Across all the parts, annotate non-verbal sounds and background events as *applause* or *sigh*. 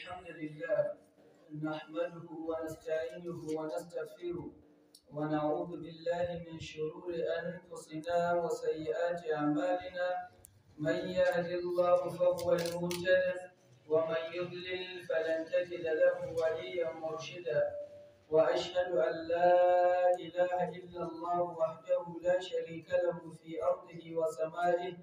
الحمد لله نحمده ونستعينه ونستغفره ونعوذ بالله من شرور أنفسنا وسيئات أعمالنا من يهد الله فهو المهتد ومن يضلل فلن تجد له وليا مرشدا وأشهد أن لا إله إلا الله وحده لا شريك له في أرضه وسمائه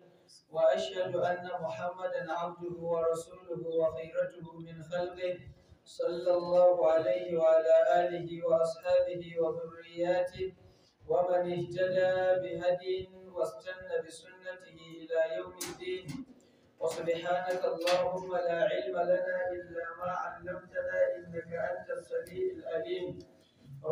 وأشهد أن محمدا عبده ورسوله وخيرته من خلقه صلى الله عليه وعلى آله وأصحابه وذرياته ومن اهتدى بهدي واستنى بسنته إلى يوم الدين وسبحانك اللهم لا علم لنا إلا ما علمتنا إنك أنت السميع العليم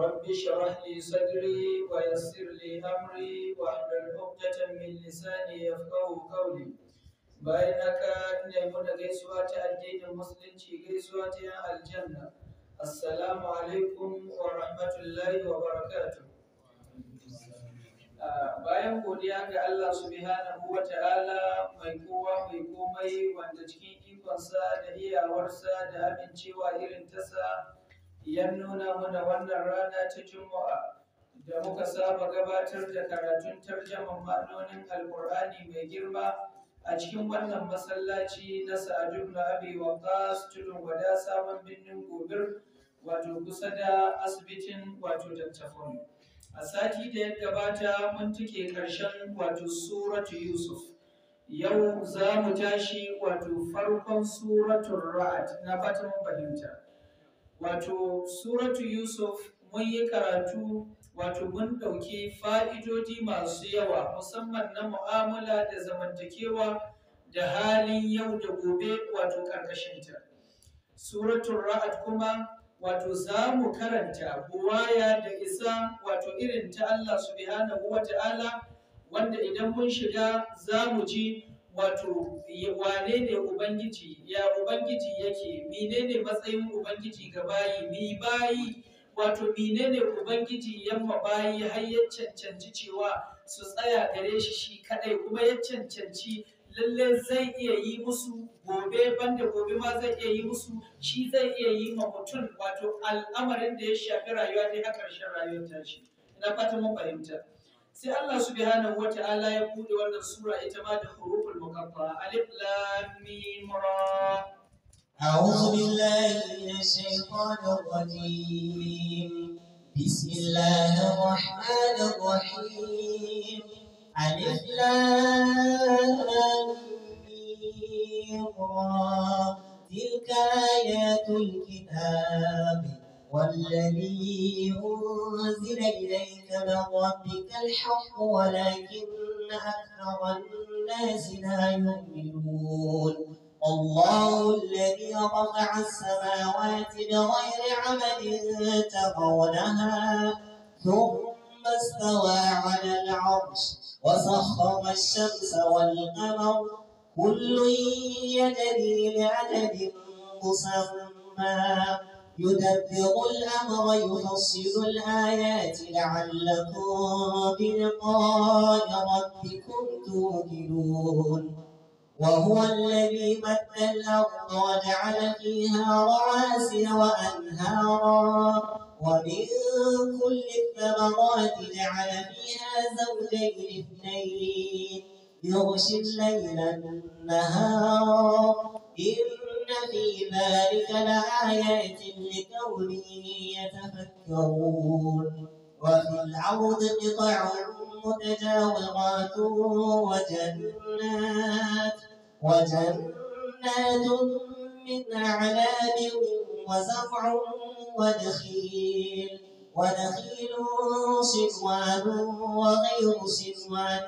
رب اشرح لي صدري ويسر لي امري واحلل عقدة من لساني يفقهوا قولي bayan haka ina muna gaisuwa ta addinin musulunci gaisuwa ta yan aljanna assalamu alaikum wa rahmatullahi wa barakatuh ah, bayan godiya ga Allah subhanahu wa ta'ala mai kowa mai komai wanda cikin ikonsa da iyawarsa da amincewa irin tasa Yan nuna mana wannan rana ta Juma'a da muka saba gabatar da karatun tarjaman ma'anonin Alƙur'ani mai girma a cikin wannan masallaci na Sa'adu ibn Abi Waqqas tudun wada sabon birnin Gobir wato kusa da asibitin wato Dr. A sati da ya gabata mun tuke ƙarshen wato Suratu Yusuf. Yau za mu tashi wato farkon Suratun Ra'ad na fatan fahimta. wato suratu yusuf mun yi karatu wato mun ɗauki fa'idodi masu yawa musamman na mu'amala da zamantakewa da halin yau da gobe wato ƙarƙashinta suratun ra'ad kuma wato za mu karanta buwaya da isa wato irin ta Allah subhanahu wa ta'ala wanda idan mun shiga za mu ji wato wane ne ubangiji ya ubangiji yake Mine ne matsayin ubangiji ga bayi mi bayi wato mine ne ubangiji yamma bayi har ya cancanci cewa su tsaya gare shi shi kadai kuma ya cancanci lalle zai iya yi musu gobe banda gobe ma zai iya yi musu shi zai iya yi ma mutum wato al'amarin da ya shafi rayuwa ne a karshen rayuwar tashi ina fata mun fahimta سي الله سبحانه وتعالى يقول وانا السورة اتباد حروف المقطعة ألف لام ميم را أعوذ بالله من الشيطان الرجيم بسم الله الرحمن الرحيم ألف لام ميم را تلك آيات الكتاب والذي أنزل إليك من ربك الحق ولكن أكثر الناس لا يؤمنون الله الذي رفع السماوات بغير عمد ترونها ثم استوى على العرش وسخر الشمس والقمر كل يجري لعدد مسمى يدبر الأمر يفصل الآيات لعلكم بلقاء ربكم توقنون وهو الذي مد الأرض وجعل فيها رواسي وأنهارا ومن كل الثمرات جعل فيها زوجين اثنين يغشي الليل النهار إن إن في ذلك لآيات لقوم يتفكرون وفي العرض قطع متجاورات وجنات وجنات من أعناب وزرع ونخيل ونخيل صنوان وغير صنوان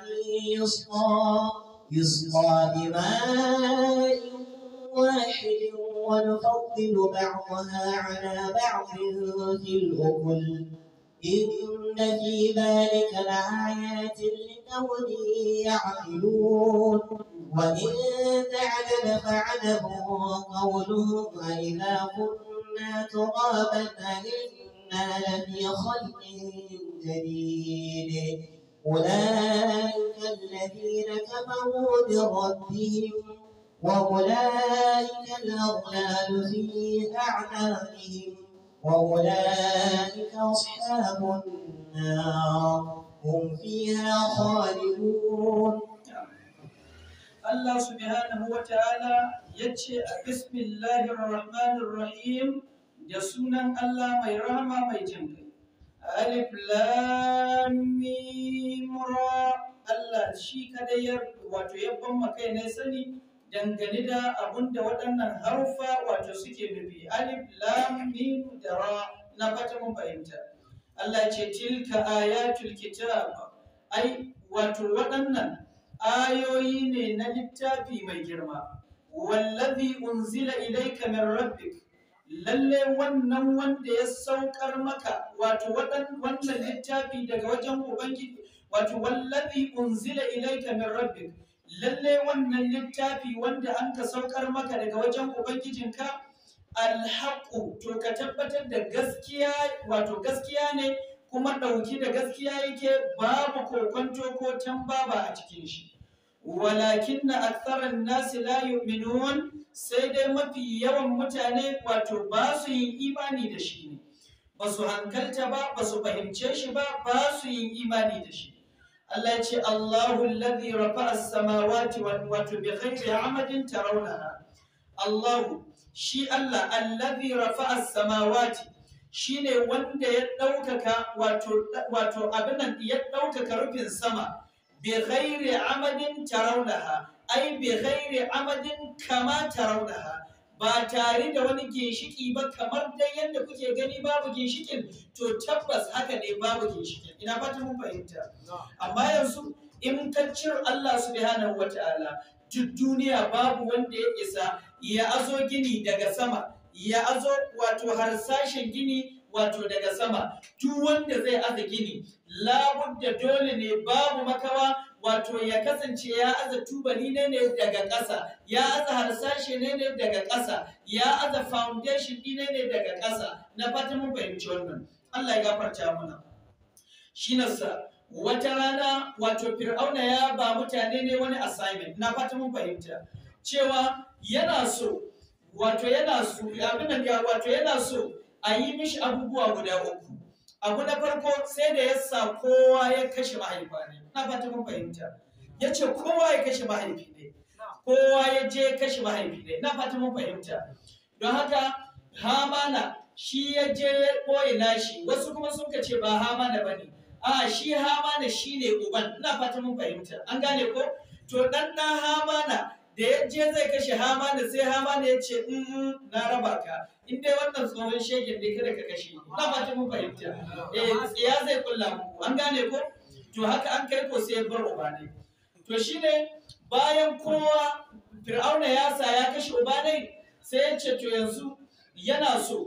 يسقى يسقى بماء واحد ونفضل بعضها على بعض في الأكل إن في ذلك لآيات لقوم يعقلون وإن تعجب فعجب قولهم أإذا كنا ترابا أئنا لفي خلق جديد أولئك الذين كفروا بربهم وأولئك الأغلال في أعناقهم وأولئك أصحاب النار هم فيها خالدون Allah subhanahu wa ta’ala ya ce a Bismillahirrahmanirrahim da sunan Allah mai rahama mai jin kai. Alif lamimura Allah shi kada wato yabban makai na sani dangane da abunda waɗannan harfa wato suke nufi alif lam mim da ra na fata mun fahimta Allah ce tilka ayatul kitab ai wato waɗannan ayoyi ne na littafi mai girma wallazi unzila ilayka min rabbik lalle wannan wanda ya saukar maka wato wannan littafi daga wajen ubangiji wato wallazi unzila ilayka min rabbik lalle wannan littafi wanda an ka saukar maka daga wajen ubangijinka alhaqu to ka tabbatar da gaskiya wato gaskiya ne kuma ɗauki da gaskiya yake babu kokonto ko tambaba a cikin shi walakin na aksarar nasi la yu'minun sai dai mafi yawan mutane wato ba su yin imani da shi ne ba su hankalta ba ba su fahimce shi ba ba su yin imani da shi Allah ce Allahu alladhi rafa'a as-samawati wato bi ghairi amadin tarawnaha Allahu shi Allah alladhi rafa'a as-samawati shine wanda ya ɗaukaka wato wato abin ya ɗaukaka rufin sama bi ghairi amadin tarawnaha ai bi ghairi amadin kama tarawnaha ba tare da wani ginshiki ba kamar dai yadda kuke gani babu ginshikin to tabbas haka ne babu ginshikin ina fata mun fahimta amma yanzu in ka cin Allah subhanahu wataala duk duniya babu wanda ya isa ya azo gini daga sama ya azo wato harsashen gini wato daga sama duk wanda zai aza gini labudda dole ne babu makawa wato ya kasance ya aza tubali ne ne daga ƙasa ya aza harsashe ne ne daga ƙasa ya aza foundation ne ne daga ƙasa na fata mun fahimci wannan Allah ya gafarta mana shi sa wata rana wato fir'auna ya ba mutane ne wani assignment na fata mun fahimta cewa yana so wato yana so abin da wato yana so a yi mishi abubuwa guda uku abu na farko sai da ya sa kowa ya kashe mahaifa ne na fata mun fahimta ya ce kowa ya kashe mahaifi ne kowa ya je kashe mahaifi ne na fata mun fahimta don haka hamana shi ya je ya koyi nashi wasu kuma sun ce ba hamana ba ne a shi hamana shi ne uban na fata mun fahimta an gane ko to dan na hamana da ya je zai kashe hamana sai hamana ya ce na raba ka in dai wannan tsohon shekin ne kada ka kashe na ta mun fahimta eh ya zai kulla an gane ko to haka an kai ko sai bar ubane to shine bayan kowa fir'auna ya sa ya kashe ubane sai ya ce to yanzu yana so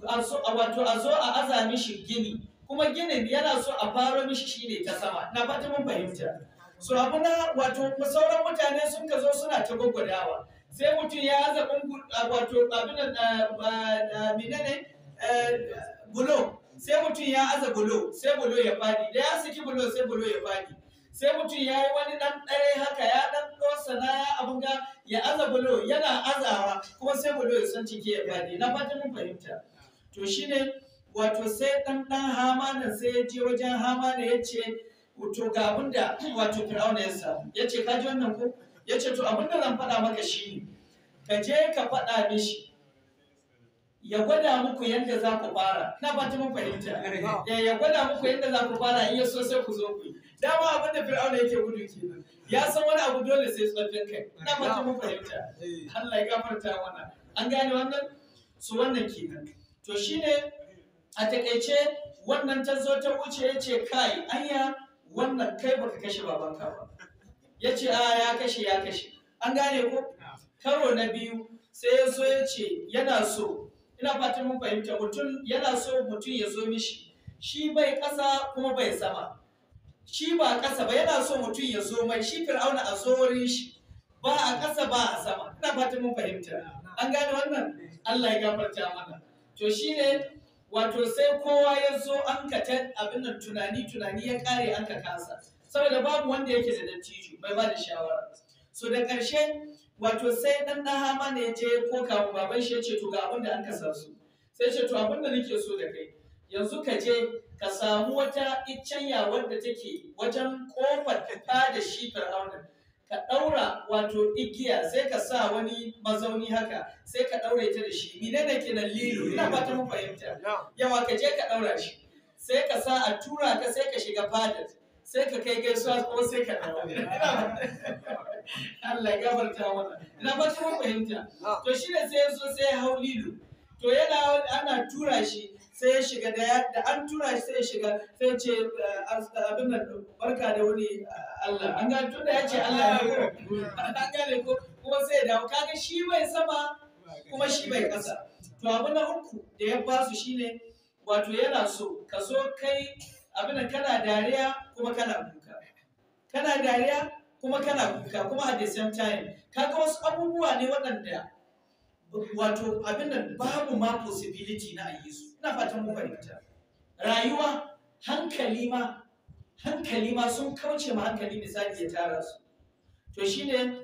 wato a zo a aza mishi gini kuma ginin yana so a faro mishi shine ta sama na fata mun fahimta so abuna wato sauran mutane sun ka zo suna ta gwaggwadawa sai mutum ya zaɓin wato abin da ne bulo sai mutum ya aza bulo sai bulo ya fadi da ya saki bulo sai bulo ya fadi sai mutum ya yi wani dan ɗare haka ya dan ɗosa na ya abin ga ya aza bulo yana azawa kuma sai bulo ya san cike ya fadi na fatan mun fahimta to shine wato sai dan hama nan sai ya je wajen ne ya ce to ga abin wato fir'auna ya samu ya ce ka ji wannan ko ya ce to abin da zan faɗa maka shi ka je ka faɗa mishi ya gwada muku yadda za ku fara na ba ta fahimta eh, ya gwada muku yadda za ku fara in ya so sai ku zo ku dama abin da fir'auna yake gudu ke ya san wani abu dole sai tsoffin kai na ba ta fahimta Allah ya gafarta mana an gane wannan su wannan kenan to shine a takaice wannan ta zo ta wuce ya ce kai anya wannan kai baka kashe babanka ba ya ce a ah, ya kashe ya kashe an gane ko karo na biyu sai ya zo ya ce yana so ina fatan mun fahimta mutum yana so mutum ya zo mishi shi bai ƙasa kuma bai sama shi ba ƙasa ba yana so mutum ya zo mai shi fir'auna a tsorin shi ba a ƙasa ba a sama ina fatan mun fahimta an gane wannan Allah ya gafarta mana to shine wato sai kowa ya zo an ka abin nan tunani tunani ya kare an ka kasa saboda babu wanda yake da dattijo bai ba da shawara so da ƙarshe wato sai ɗan ɗan hama ne je ko kawo baban shi ce to ga abin da an kasa su sai ce to abin da nake so da kai yanzu ka je ka samu wata iccenya wadda take wajen kofar ta da shi fir'auna ka ɗaura wato igiya sai ka sa wani mazauni haka sai ka ɗaure ta da shi mine da ke nan lilo ina ba ta fahimta yawa ka je ka ɗaura shi sai ka sa a tura ka sai ka shiga fadar sai ka kai gaisuwa ko sai ka dawo Allah ya gafarta mana ina fata mun fahimta ah. to shi ne sai ya zo sai ya hau lilo to yana ana tura shi sai ya shiga da yadda an tura shi sai ya shiga sai ya ce ah, ah, abin nan barka da wani Allah an ga tunda ya ce Allah ya ko an gane ko kuma sai ya dawo kaga shi bai sama kuma shi bai kasa to abu na uku da ya basu shine wato yana so ka so kai abin kana dariya kuma kana kuka kana dariya kuma kana kuka kuma at the same time kaga wasu abubuwa ne waɗanda wato abin babu ma possibility na ayi su ina fatan mu fahimta rayuwa hankali ma hankali ma sun kauce ma hankali misali ya tara su to shine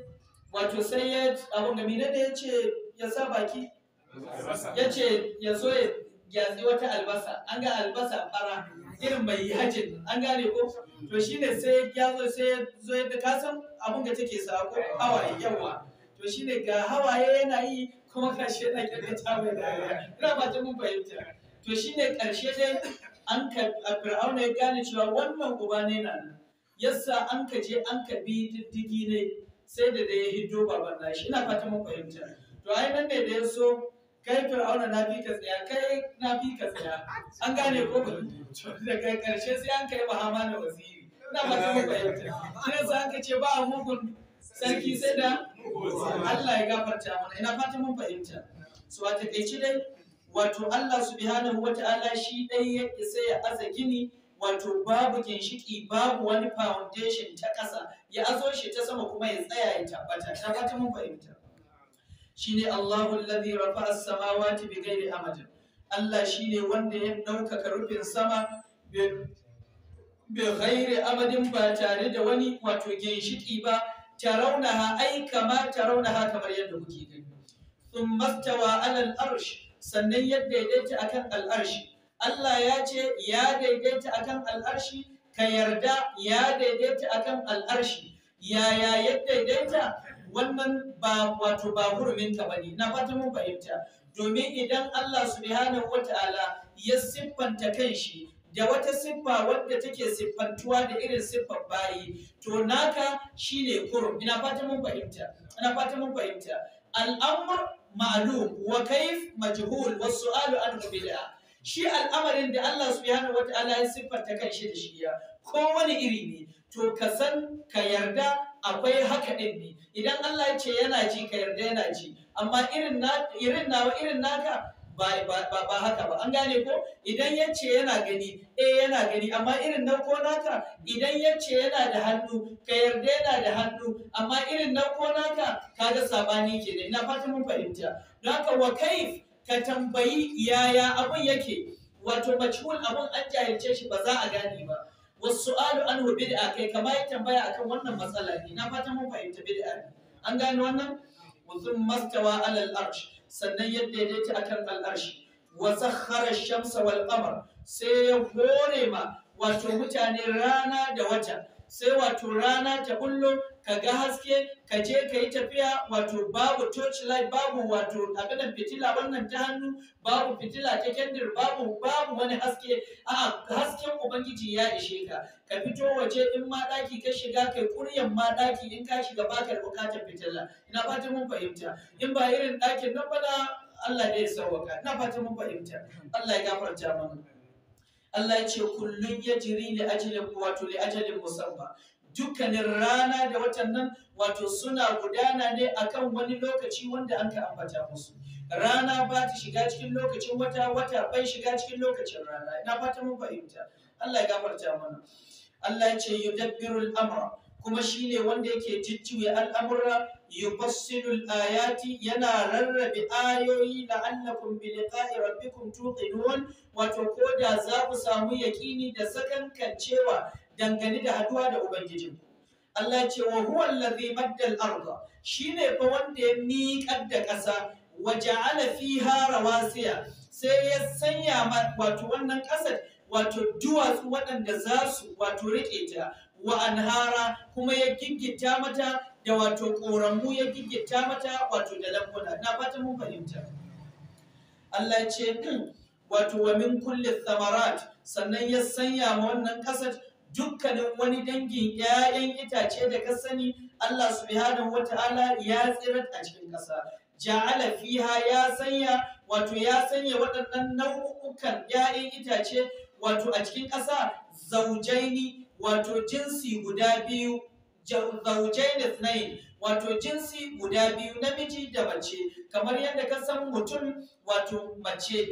wato sai ya abun da mina da ya ce ya sa baki ya ce zo ya gyatsi wata albasa an ga albasa fara irin mai yajin an gane ko to shine sai ya zo sai ya zo yadda ka san abun da take sa ko hawaye yawa to shine ga hawaye yana yi kuma karshe yana kirkata mai dariya ina ba mun fahimta to shine karshe dai an ka fir'auna ya gane cewa wannan uba ne na yasa an ka je an ka bi diddigi ne sai da da ya hiddo baban nashi ina fata mun fahimta to ai nan ne da ya so kai fir'auna na bi ka tsaya kai na bi ka tsaya an gane ko ba kai karshe sai an kai bahama da waziri ina ba ta Ina shi an ka ce ba a mugun sarki sai da Allah ya gafarta mana ina fata mun fahimta so a takaici dai wato Allah subhanahu wata'ala shi dai ya isa ya aza gini wato babu ginshiki babu wani foundation ta ƙasa ya azo shi ta sama kuma ya tsaya ya tabbata ta fata mun fahimta shine Allahu alladhi rafa'a as-samawati bighairi amadin Allah shine wanda ya ɗaukaka rufin sama bighairi amadin ba tare da wani wato ginshiki ba tarawnaha ai kama tarawnaha kamar yadda kuke gani thumma stawa 'ala al-arsh sannan ya daidaita akan al-arsh Allah ya ce ya daidaita akan alarshi. ka yarda ya daidaita akan alarshi. yaya ya daidaita wannan ba wato ba huruminka ba ne na fata mun fahimta domin idan Allah subhanahu wata'ala ya siffanta kanshi da wata siffa wadda take siffantuwa da irin siffar bayi to naka shine kurum ina fata mun fahimta ina fata mun fahimta al'amr ma'lum wa kayf majhul wa su'alu anhu bid'a shi al'amarin da Allah subhanahu wata'ala ya siffanta kanshi da shi ya ko wani iri ne to ka san ka yarda akwai haka ɗin ne idan Allah ya ce yana ji ka yarda yana ji amma irin na irin nawa irin naka ba ba ba haka ba an gane ko idan ya ce yana gani eh yana gani amma irin na ko naka idan ya ce yana da hannu ka yarda yana da hannu amma irin na ko naka kaga sabani ke ne ina fatan mun fahimta don haka wa kaif ka tambayi yaya abun yake wato majhul abun an jahilce shi ba za a gane ba والسؤال عنه بدعة كي كما يتنبيا أكم ونن مسألة هنا فاتم فإنت بدعة أن قال ونن وثم استوى على الأرش سنة يديت أكم الأرش وسخر الشمس والقمر سيهورما وتمتعني رانا دوتا sai wato rana ta bullo ka ga haske ka je ka yi tafiya wato babu torch babu wato abinan fitila wannan ta hannu babu fitila ta kendir babu babu wani haske a hasken ubangiji ya ishe ka ka fito waje in ma daki ka shiga kai kuryan ma daki in ka shiga bakar bukatar fitila ina fatan mun fahimta in ba irin dakin nan ba Allah ya sauwaka ina fatan mun fahimta Allah ya gafarta mana Allah ya ce kullun ya jiri da ajalin wato da ajalin musamma dukkanin rana da watan nan wato suna gudana ne akan wani lokaci wanda an ka ambata musu rana ba ta shiga cikin lokacin wata wata bai shiga cikin lokacin rana ina fata mun fahimta Allah ya gafarta mana Allah ya ce yudabbirul amra kuma shine wanda yake jijjiwe al'amura yufassilul ayati yana rarrabe ayoyi la'allakum bi liqa'i rabbikum tuqinun wato ko da za ku samu yaqini da cewa dangane da haduwa da ubangijin. Allah ce wa huwa allazi madda al-arda shine fa wanda ya miƙar da ƙasa wa ja'ala fiha rawasiya sai ya sanya wato wannan ƙasar wato duwatsu waɗanda za su wato riƙe ta wa anhara kuma ya giggita mata da wato ƙoramu ya giggita mata wato da lambuna na fata mun fahimta Allah ce din hmm, wato wa min kulli thamarat sannan ya sanya ma wannan kasar dukkanin wani dangin 'ya'yan itace da ka sani Allah subhanahu wata'ala ya tsirar a cikin kasa ja'ala fiha ya sanya wato ya sanya waɗannan nau'ukan 'ya'yan itace wato a cikin ƙasa zaujaini wato jinsi guda biyu da ithnain wato jinsi guda biyu namiji da mace kamar yadda ka san mutum wato mace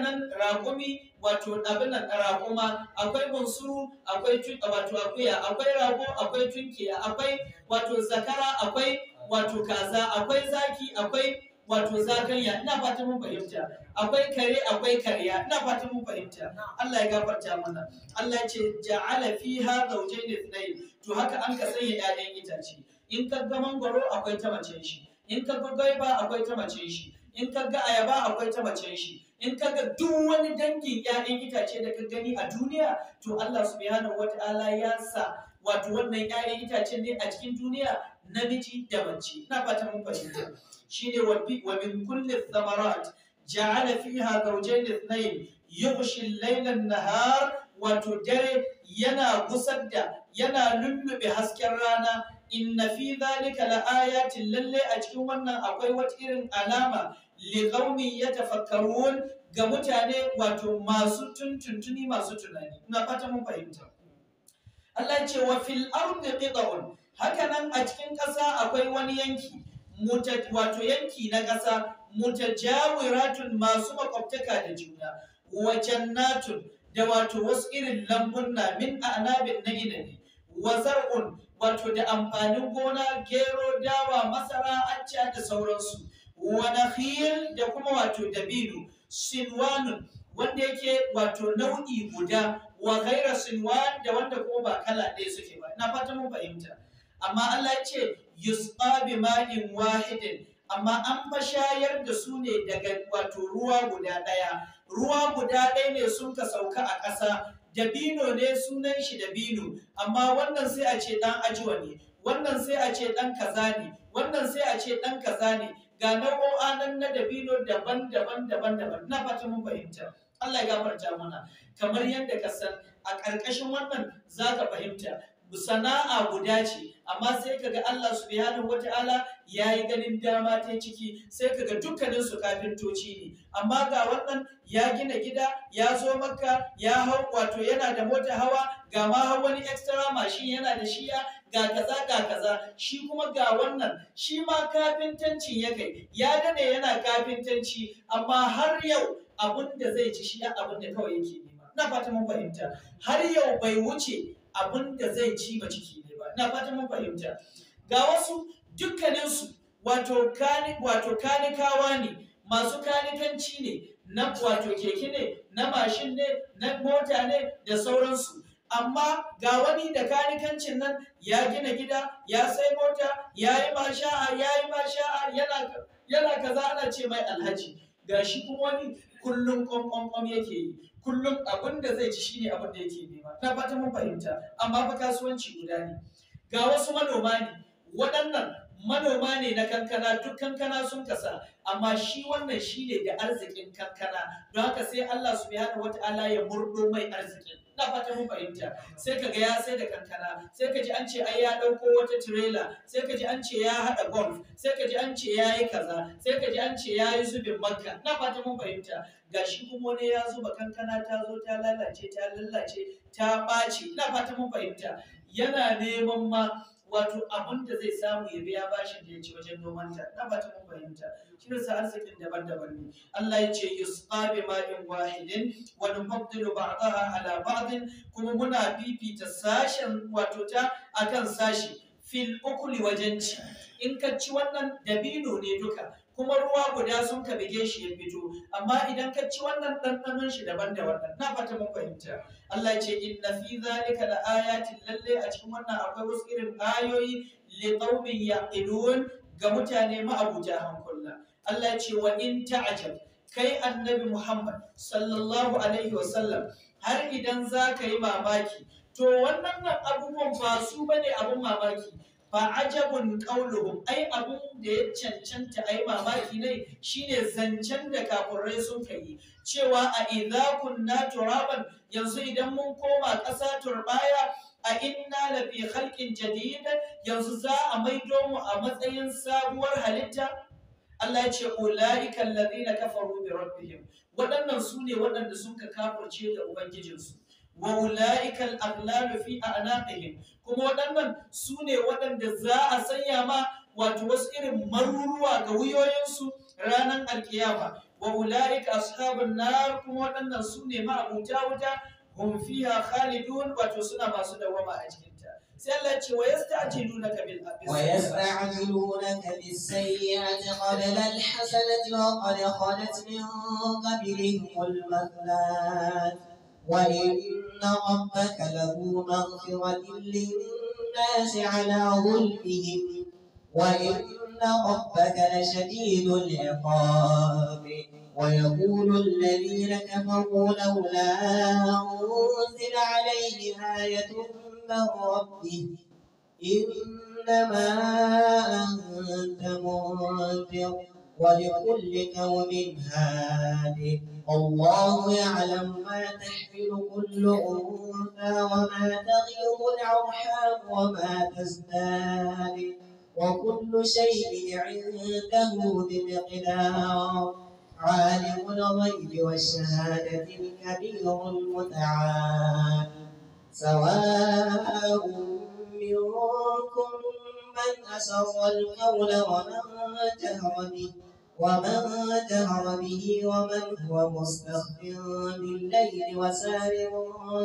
nan, raƙumi wato abin raƙuma akwai bunsuru akwai wato akuya akwai rago akwai tunkiya akwai wato zakara akwai wato kaza akwai zaki akwai wato zakanya ina fatan mun fahimta akwai kare akwai karya ina fatan mun fahimta Allah ya gafarta mana Allah ya ce ja'ala fiha zawjayn ithnayn to haka an ka sanya 'ya'yan itace in ka ga mangoro, akwai ta mace shi in ka ga gaiba akwai ta mace shi in ka ga ayaba akwai ta mace shi in ka ga duk wani dangin 'ya'yan itace da ka gani a duniya to Allah subhanahu wata'ala ya sa wato wannan 'ya'yan itace ne a cikin duniya namiji da mace ina fata mun fahimta shine wa min kulli thamarat ja'ala fiha zawjayn ithnayn yughshi al-layla an-nahar wato dare yana gusar da yana lullube hasken rana inna fi dhalika la ayatin lalle a cikin wannan akwai wata irin alama li ya yatafakkarun ga mutane wato masu tuntuntuni masu tunani ina fata mun fahimta Allah ce wa fil ardi qita'un hakanan a cikin ƙasa akwai wani yanki wato yanki na ƙasa mutajawiratun masu makwabtaka da juna wajen natun, da wato wasu irin lambunna min a a'nabin na inabi wazar'un wato da amfanin gona gero dawa masara acca da sauransu wani nakhil da kuma wato dabino sinwanun wanda yake wato nau'i guda wa gaira sinwan da wanda kuma ba kala ɗaya suke ba na fata mun fahimta amma Allah ce yusqa bi ma'in wahidin amma an fa shayar da su ne daga wato ruwa guda ɗaya ruwa guda ɗaya ne sun ka sauka a ƙasa dabino ne sunan shi dabino amma wannan sai a ce dan ajiwa ne wannan sai a ce dan kaza ne wannan sai a ce dan kaza ne ga nau'o'a nan na dabino daban-daban daban-daban na fata mun fahimta Allah ya gafarta mana kamar yadda ka san a ƙarƙashin wannan za ka fahimta sana'a guda ce amma sai kaga Allah subhanahu wata'ala yayi ganin dama ta ciki sai kaga dukkanin su kafintoci ne amma ga wannan ya gina gida ya zo makka ya hau wato yana da mota hawa ga ma wani extra mashin yana da shiya ga kaza ga kaza shi kuma ga wannan shi ma kafintancin ya kai ya gane yana kafintanci amma har yau abin da zai ci shi abin da kawai yake nema na fata mun fahimta har yau bai wuce abin da zai ci ba ciki ne ba ina fatan mun fahimta ga wasu dukkaninsu wato kani wato kanikawa ne masu kanikanci ne na wato keke ne na mashin ne na mota ne da sauransu amma ga wani da kanikancin nan ya gina gida ya sai mota ya yi masha'a ya yi masha'a yana yana kaza ana ce mai alhaji ga shi kuma wani kullum kwamkwamkwam yake yi kullum abin da zai ci shine abin da yake nema na fata mun fahimta amma fa kasuwanci guda ne ga wasu manoma ne waɗannan manoma ne na kankana duk kankana sun kasa amma shi wannan shine da arzikin kankana don haka sai Allah subhanahu wataala ya murdo mai arzikin ka fata mun fahimta sai ka ga ya sai da kankana sai ka ji an ce ai ya dauko wata tirela sai ka ji an ce ya hada golf sai ka ji an ce ya yi kaza sai ka ji an ce ya yi zubin makka ina fata mun fahimta gashi kuma wani ya zuba kankana ta zo ta lalace ta lalace ta ɓaci ina fata mun fahimta yana neman ma wato abin da zai samu ya biya bashi da ya ci wajen nomanta na ba ta mun fahimta shi ne sa arzikin daban-daban ne Allah ya ce yusqa bi ma'in wahidin wa nufaddilu ba'daha ala ba'din kuma muna fifita sashen wato ta akan sashi fil ukuli wajen ci in ka ci wannan dabino ne duka kuma ruwa guda sun ka bige shi ya fito amma idan ka ci wannan ɗanɗanon shi daban da wannan na fata mun fahimta Allah ya ce inna fi zalika la ayatin lalle a cikin wannan akwai wasu irin ayoyi li qaumin yaqilun ga mutane ma'abuta hankula Allah ya ce wa in ta'jab kai annabi Muhammad sallallahu alaihi wa sallam har idan za ka yi mamaki to wannan abubuwan ba su bane abun mamaki fa ajabun qauluhum ai abun da ya cancanta ai mamaki ne shine zancen da kafirai sun kai cewa a idza kunna turaban yanzu idan mun koma ƙasa turbaya a inna la fi khalqin jadid yanzu za a maido mu a matsayin sabuwar halitta Allah ya ce ulaika alladhina kafaru bi rabbihim waɗannan su ne waɗanda suka kafirce da ubangijinsu وأولئك الأغلال في أعناقهم كما ودنن سوني ودن جزاء سيما واتوسئر مروروا قويو ينسو رانا القيامة وأولئك أصحاب النار كما ودنن سوني ما أجاوجا هم فيها خالدون وتوسنا ما سنة وما أجهنتا سألت ويستعجلونك ويستعجلونك بالسيئة قبل الحسنة وقد خلت من قبلهم المثلات وإن ربك له مغفرة للناس على ظلمهم وإن ربك لشديد العقاب ويقول الذين كفروا لولا أنزل عليه آية من ربه إنما أنت منذر ولكل كون هادي الله يعلم ما تحمل كل أنثى وما تغيض الأرحام وما تزداد وكل شيء عنده بمقدار عالم الغيب والشهادة الكبير المتعال سواء منكم من أسر القول ومن جهر به ومن جهر به ومن هو مستخف بالليل وسارب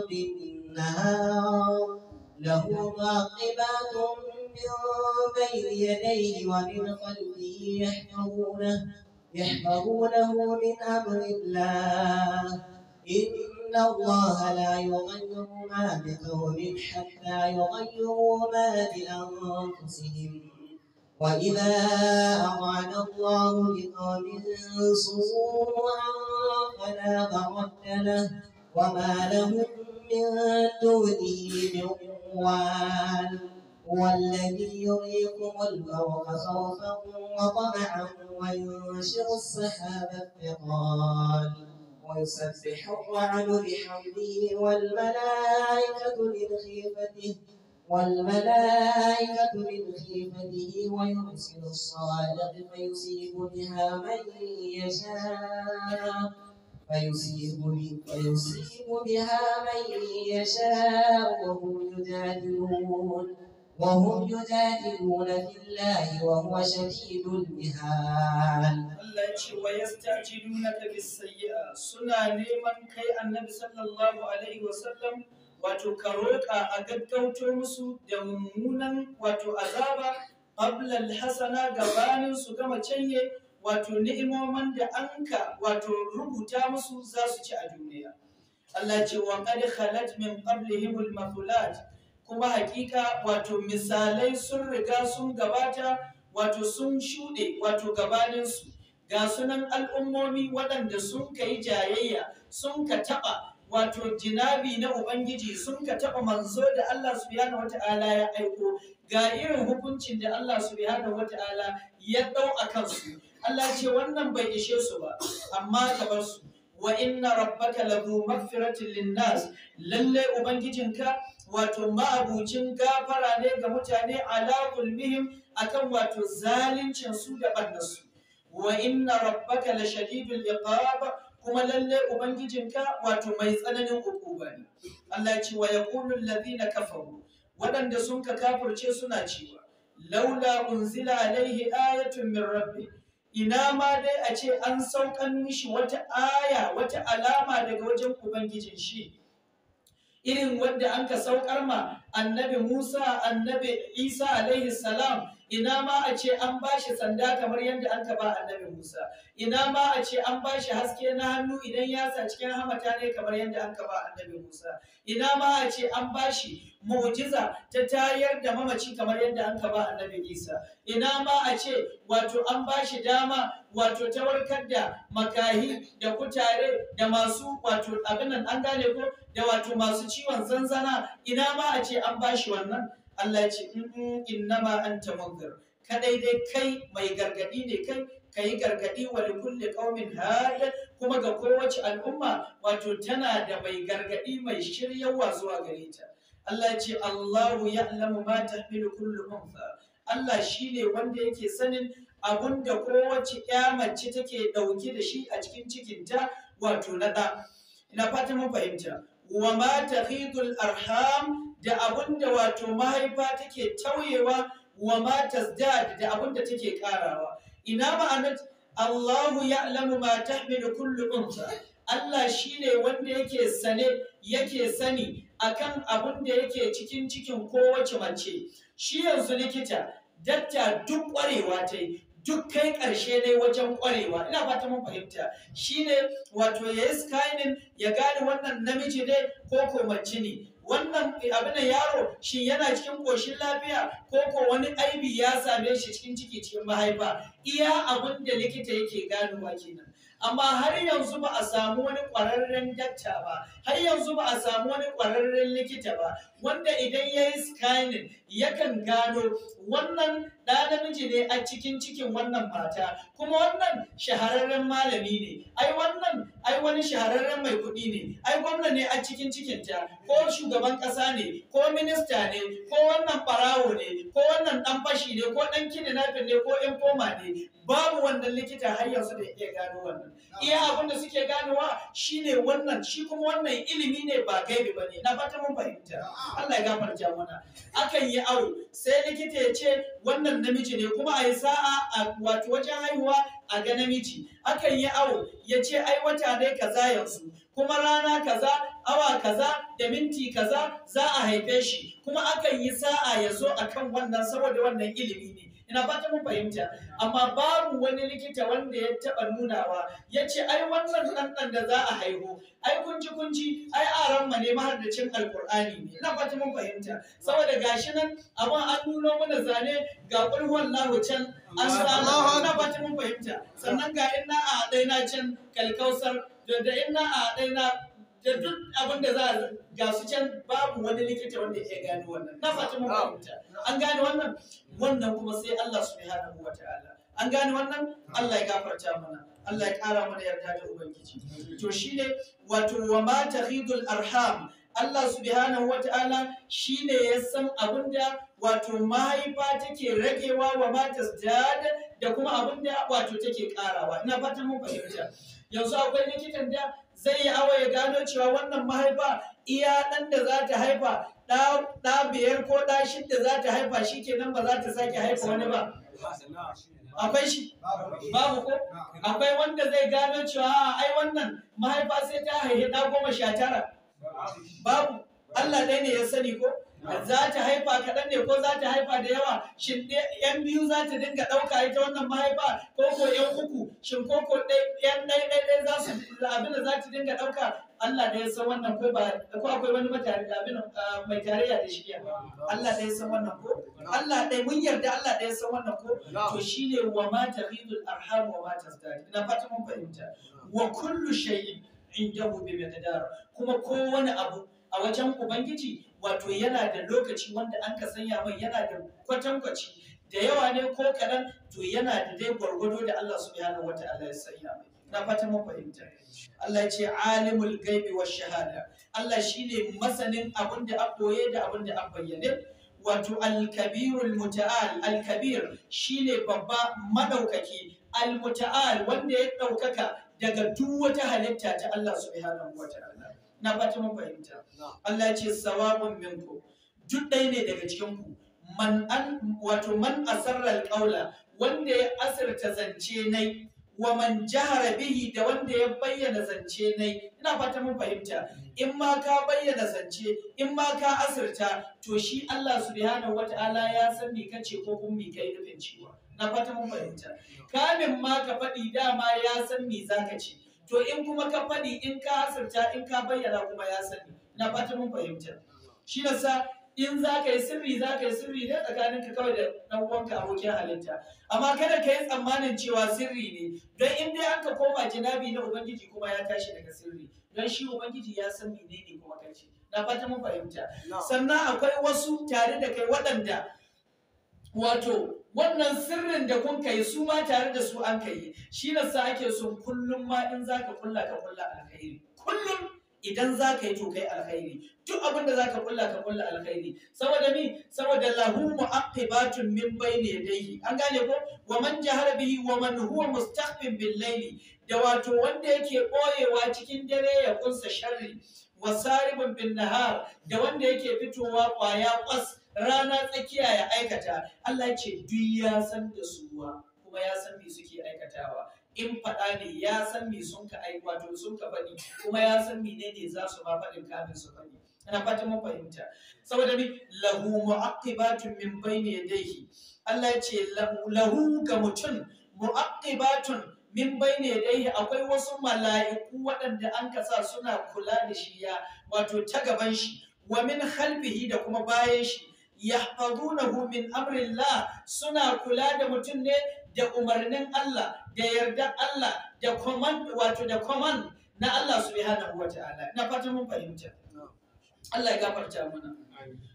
بالنهار له معقبات من بين يديه ومن خلفه يحفظونه يحفظونه من أمر الله إن الله لا يغير ما بقوم حتى يغيروا ما بأنفسهم وإذا أراد الله بقوم سوءا فلا مرد له وما لهم من دونه من وال هو الذي يريكم البرق خوفا وطمعا وينشر السحاب الثقال ويسبح الرعد بحمده والملائكة من خيفته والملائكة من خيفته ويرسل الصادق فيصيب بها من يشاء فيصيب, فيصيب بها من يشاء وهم يجادلون وهم يجادلون في الله وهو شديد المهان التي ويستعجلونك بالسيئة سنة لمن كي النبي صلى الله عليه وسلم wato ka roƙa a gaggauto musu da mummunan wato azaba qabla alhasana gabanin su gama canye wato ni'imomin da anka wato rubuta musu za su ci a duniya Allah ce wa qad khalat min qablihim almathulat kuma hakika wato misalai sun riga sun gabata wato sun shuɗe wato gabanin su ga sunan al'ummomi waɗanda sun kai jayayya sun ka taɓa wato jinabi na ubangiji sun ka taɓa manzo da Allah subhanahu wata'ala ya aiko ga irin hukuncin da Allah subhanahu wata'ala ya ɗau a kansu Allah ce wannan bai ishe su ba amma ka bar su wa inna rabbaka lahu maghfiratin linnas lalle ubangijinka wato ma'abucin gafara ne ga mutane ala zulmihim akan wato zalincin su da bannasu wa inna rabbaka lashadidul iqab kuma lalle ubangijinka wato mai tsananin hukuma ne Allah ya ce wa yaqulul ladina kafaru waɗanda sun ka kafirce suna cewa laula unzila alaihi ayatun min rabbi ina ma dai a ce an saukan mishi wata aya wata alama daga wajen ubangijin shi irin wanda anka saukar ma annabi Musa annabi Isa alaihi salam ina ma a ce an bashi sanda kamar yadda an taba annabi Musa ina ma a ce an bashi haske na hannu idan ya sa cikin hamata ne kamar yadda an taba annabi Musa ina ma a ce an bashi mu'jiza ta tayar da mamaci kamar yadda an taba annabi Isa ina ma a ce wato an bashi dama wato ta warkar da makahi da kutare da masu wato abin nan an gane ko da wato masu ciwon zanzana ina ma a ce an bashi wannan Allah ya ce mm, mm, ma anta munzir kadai dai kai mai gargadi ne kai kai gargadi wa kulli qaumin had kuma ga kowace al'umma wato tana da mai gargadi mai shiryawa zuwa gare ta Allah ya ce Allahu ya'lamu ma tahmilu kullu unsa Allah shine wanda yake sanin abun da kowace ƴa mace take dauke da shi a cikin cikinta wato na da ina fatan mun fahimta wa ma tahidul arham da abun wato mahaifa take tauyewa wa matas da abun take karawa ina ma'anar Allahu ya'lamu ma tahmilu kullu unsa Allah shine wanda yake sane yake sani akan abun da yake cikin cikin kowace mace shi yanzu likita datta duk kwarewa ta yi duk kai ƙarshe ne wajen ƙwarewa ina fata mun fahimta shine wato ya yi ya gane wannan namiji ne ko ko mace ne wannan abin yaro shin yana cikin koshin lafiya ko ko wani aibi ya same shi cikin ciki cikin mahaifa iya abin da likita yake ganowa kenan amma har yanzu ba a samu wani ƙwararren dakta ba har yanzu ba a samu wani ƙwararren likita ba wanda idan ya yi scanning yakan gano wannan da namiji ne a cikin cikin wannan mata kuma wannan shahararren malami ne ai wannan ai wani shahararren mai kuɗi ne ai gwamna ne a cikin cikin ta ko shugaban ƙasa ne ko minista ne ko wannan ɓarawo ne ko wannan ɗan fashi ne ko ɗan kidnapping ne ko informa ne babu wannan likita har yanzu da iya gano wannan iya abin da suke ganowa shine wannan shi kuma wannan ilimi ne ba gaibi ba ne na fata mun fahimta Allah ya gafarta mana akan yi aure sai likita ya ce wannan nan namiji ne kuma a yi sa'a a wato wajen haihuwa a ga namiji akan yi awo ya ce ai wata dai kaza yanzu kuma rana kaza awa kaza da minti kaza za a haife shi kuma akan yi sa'a ya zo akan wannan saboda wannan ilimi ne ina fata mun fahimta amma babu wani likita wanda ya taba nunawa ya ce ai wannan ɗanɗan da za a haihu ai kunci kunci ai aran ma ne mahaddacin Alƙur'ani. ne ina fata mun fahimta saboda gashi nan amma an nuno mana zane ga kulhuwan lahu can an ina fata mun fahimta sannan ga inna a ɗaina can kalkausar da inna a ɗaina da duk abin da za a ga su can babu wani likita wanda ya gano wannan na fata mun fahimta an gane wannan wannan kuma sai Allah subhanahu wa ta'ala an gane wannan Allah ya gafarta mana Allah ya ƙara mana yarda da ubangiji to shine wato wa ma taghidul arham Allah subhanahu wa ta'ala shi ne ya san abinda wato mahaifa take ragewa wa mata dad da kuma abinda wato take karawa ina fatan mun fahimta yanzu akwai likitan da zai yi awa ya gano cewa wannan mahaifa iya ɗan da za ta haifa ɗa biyar ko ɗa shidda za ta haifa shi ke nan ba za ta sake haifa wani ba akwai shi babu ko akwai wanda zai gano cewa ai wannan mahaifa sai ta haihi ɗa goma sha tara babu Allah ɗaya ne ya sani ko za ta haifa kaɗan ne ko za ta haifa da yawa shin yan biyu za ta dinga ɗauka ita wannan mahaifa ko ko yan uku shin ko ko za su abin da za ta dinga ɗauka Allah da ya san wannan ko ba ko akwai wani mutane abin ah, mai tarayya da shi ya Allah da ya san wannan ko Allah da mun yarda Allah da ya san wannan ko to shine wa ma tafidul arham wa ma tazdad ina fata mun fahimta wa kullu shay'in indahu bi miqdar kuma kowane abu a wajen ubangiji wato yana da lokaci wanda an ka sanya mai yana da kwatankwaci da yawa ne ko kaɗan to yana da dai gwargwado da Allah subhanahu wa ta'ala ya sanya mai na fata mun fahimta Allah ya ce alimul gaibi wa shahada Allah shine masanin abin da a koye da abin da an bayyane wato alkabirul muta'al alkabir shine babba madaukaki al-muta'al wanda ya daukaka daga duk wata halitta ta Allah subhanahu wata'ala na fata mun fahimta Allah ya ce sawabun minku duk ɗaya ne daga cikin ku man an wato man asarra wanda ya asirta zance nai wa man jahara bihi da wanda ya bayyana zance nai ina fata mun fahimta in ma ka bayyana zance in ma ka asirta to shi Allah subhanahu wataala ya san me kace ko kun me kai nufin cewa na fata mun fahimta kamin ma ka faɗi dama ya san me zaka ce to in kuma ka faɗi in ka asirta in ka bayyana kuma ya sani na fata mun fahimta shi sa in za ka yi sirri za ka yi sirri ne ka kawai da ɗan uwanka abokin halitta amma kada ka yi tsammanin cewa sirri ne don in dai an ka koma jinabi na ubangiji kuma ya tashi daga sirri don shi ubangiji ya san ne kuma kace na fata mun fahimta sannan akwai wasu tare da kai waɗanda wato wannan sirrin da kun kai su ma tare da su an kai shi na sa ake son kullum ma in za ka kulla ka kulla alkhairi kullum idan za ka yi to kai alkhairi duk abin da za ka kulla ka kulla alkhairi saboda mi saboda lahu mu'aqibatun min bayni yadayhi an gane ko wa man jahara bihi wa man huwa mustaqbil bil layli da wato wanda yake boyewa cikin dare ya kunsa sharri wa saribun bin nahar da wanda yake fitowa kwaya kwas rana tsakiya ya aikata Allah ce duk ya san da suwa kuma ya san me suke aikatawa in faɗa ne ya san me sun ka aiki wato sun ka faɗi kuma ya san mene ne za su ma faɗin kafin su faɗi ana fatan mun fahimta saboda bi lahu mu'aqibatun min bayni yadayhi Allah ya ce lahu ga mutum mu'aqibatun min bayni yadayhi akwai wasu mala'iku waɗanda an sa suna kula da shi ya wato ta gaban shi wa min khalfihi da kuma bayan shi yahfazunahu min amrillah suna kula da mutum ne da umarnin Allah da yardar Allah da command wato da command na Allah subhanahu ta'ala. ina fata mun fahimta Allah ya gafarta mana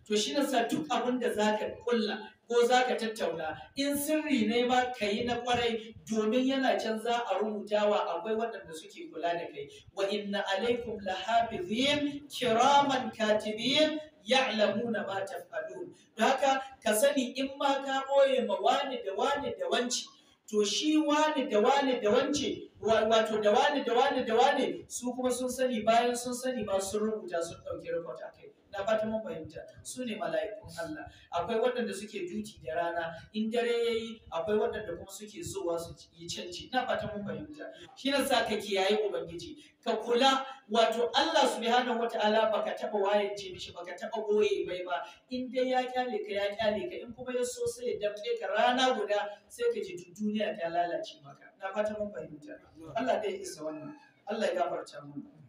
to shi ne sa duk abin da zaka kulla ko zaka tattauna in sirri ne ba ka na kwarai domin yana can za a rubutawa akwai waɗanda suke kula da kai wa inna alaikum lahafizin kiraman katibin ya'lamuna ma taf'alun don haka ka sani in ma ka boye ma wani da wani da wance to shi wani da wani da wance wato da wani da wani da wani su kuma sun sani bayan sun sani ma sun rubuta sun ɗauki report kai na fata mun fahimta su ne mala'ikun Allah akwai waɗanda suke duti da rana in dare yayi akwai waɗanda kuma suke zuwa su yi canci na fata mun fahimta shi ne sa ka kiyaye ubangiji ka kula wato Allah subhanahu wataala baka taba wayance mishi ka taba goye bai ba in dai ya kyale ka ya kyale ka in kuma ya so sai ya dambe ka rana guda sai ka ji duniya ta lalace maka na fata mun fahimta Allah dai ya isa wannan Allah ya gafarta mu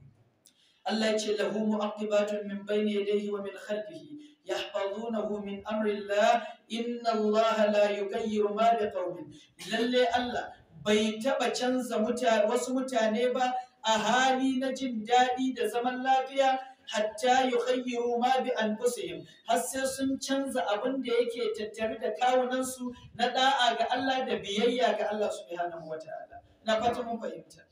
Allah ce lahu mu'aqibatun min bayni yadayhi wa min khalfihi yahfazunahu min amrillah inna Allah la yughayyiru ma biqaumin lalle Allah bai taba canza wasu mutane ba a hali na jin daɗi da zaman lafiya hatta yukhayyiru ma bi anfusihim har sai sun canza abin da yake tattare da kawunansu na da'a ga Allah da biyayya ga Allah subhanahu wataala na fata mun fahimta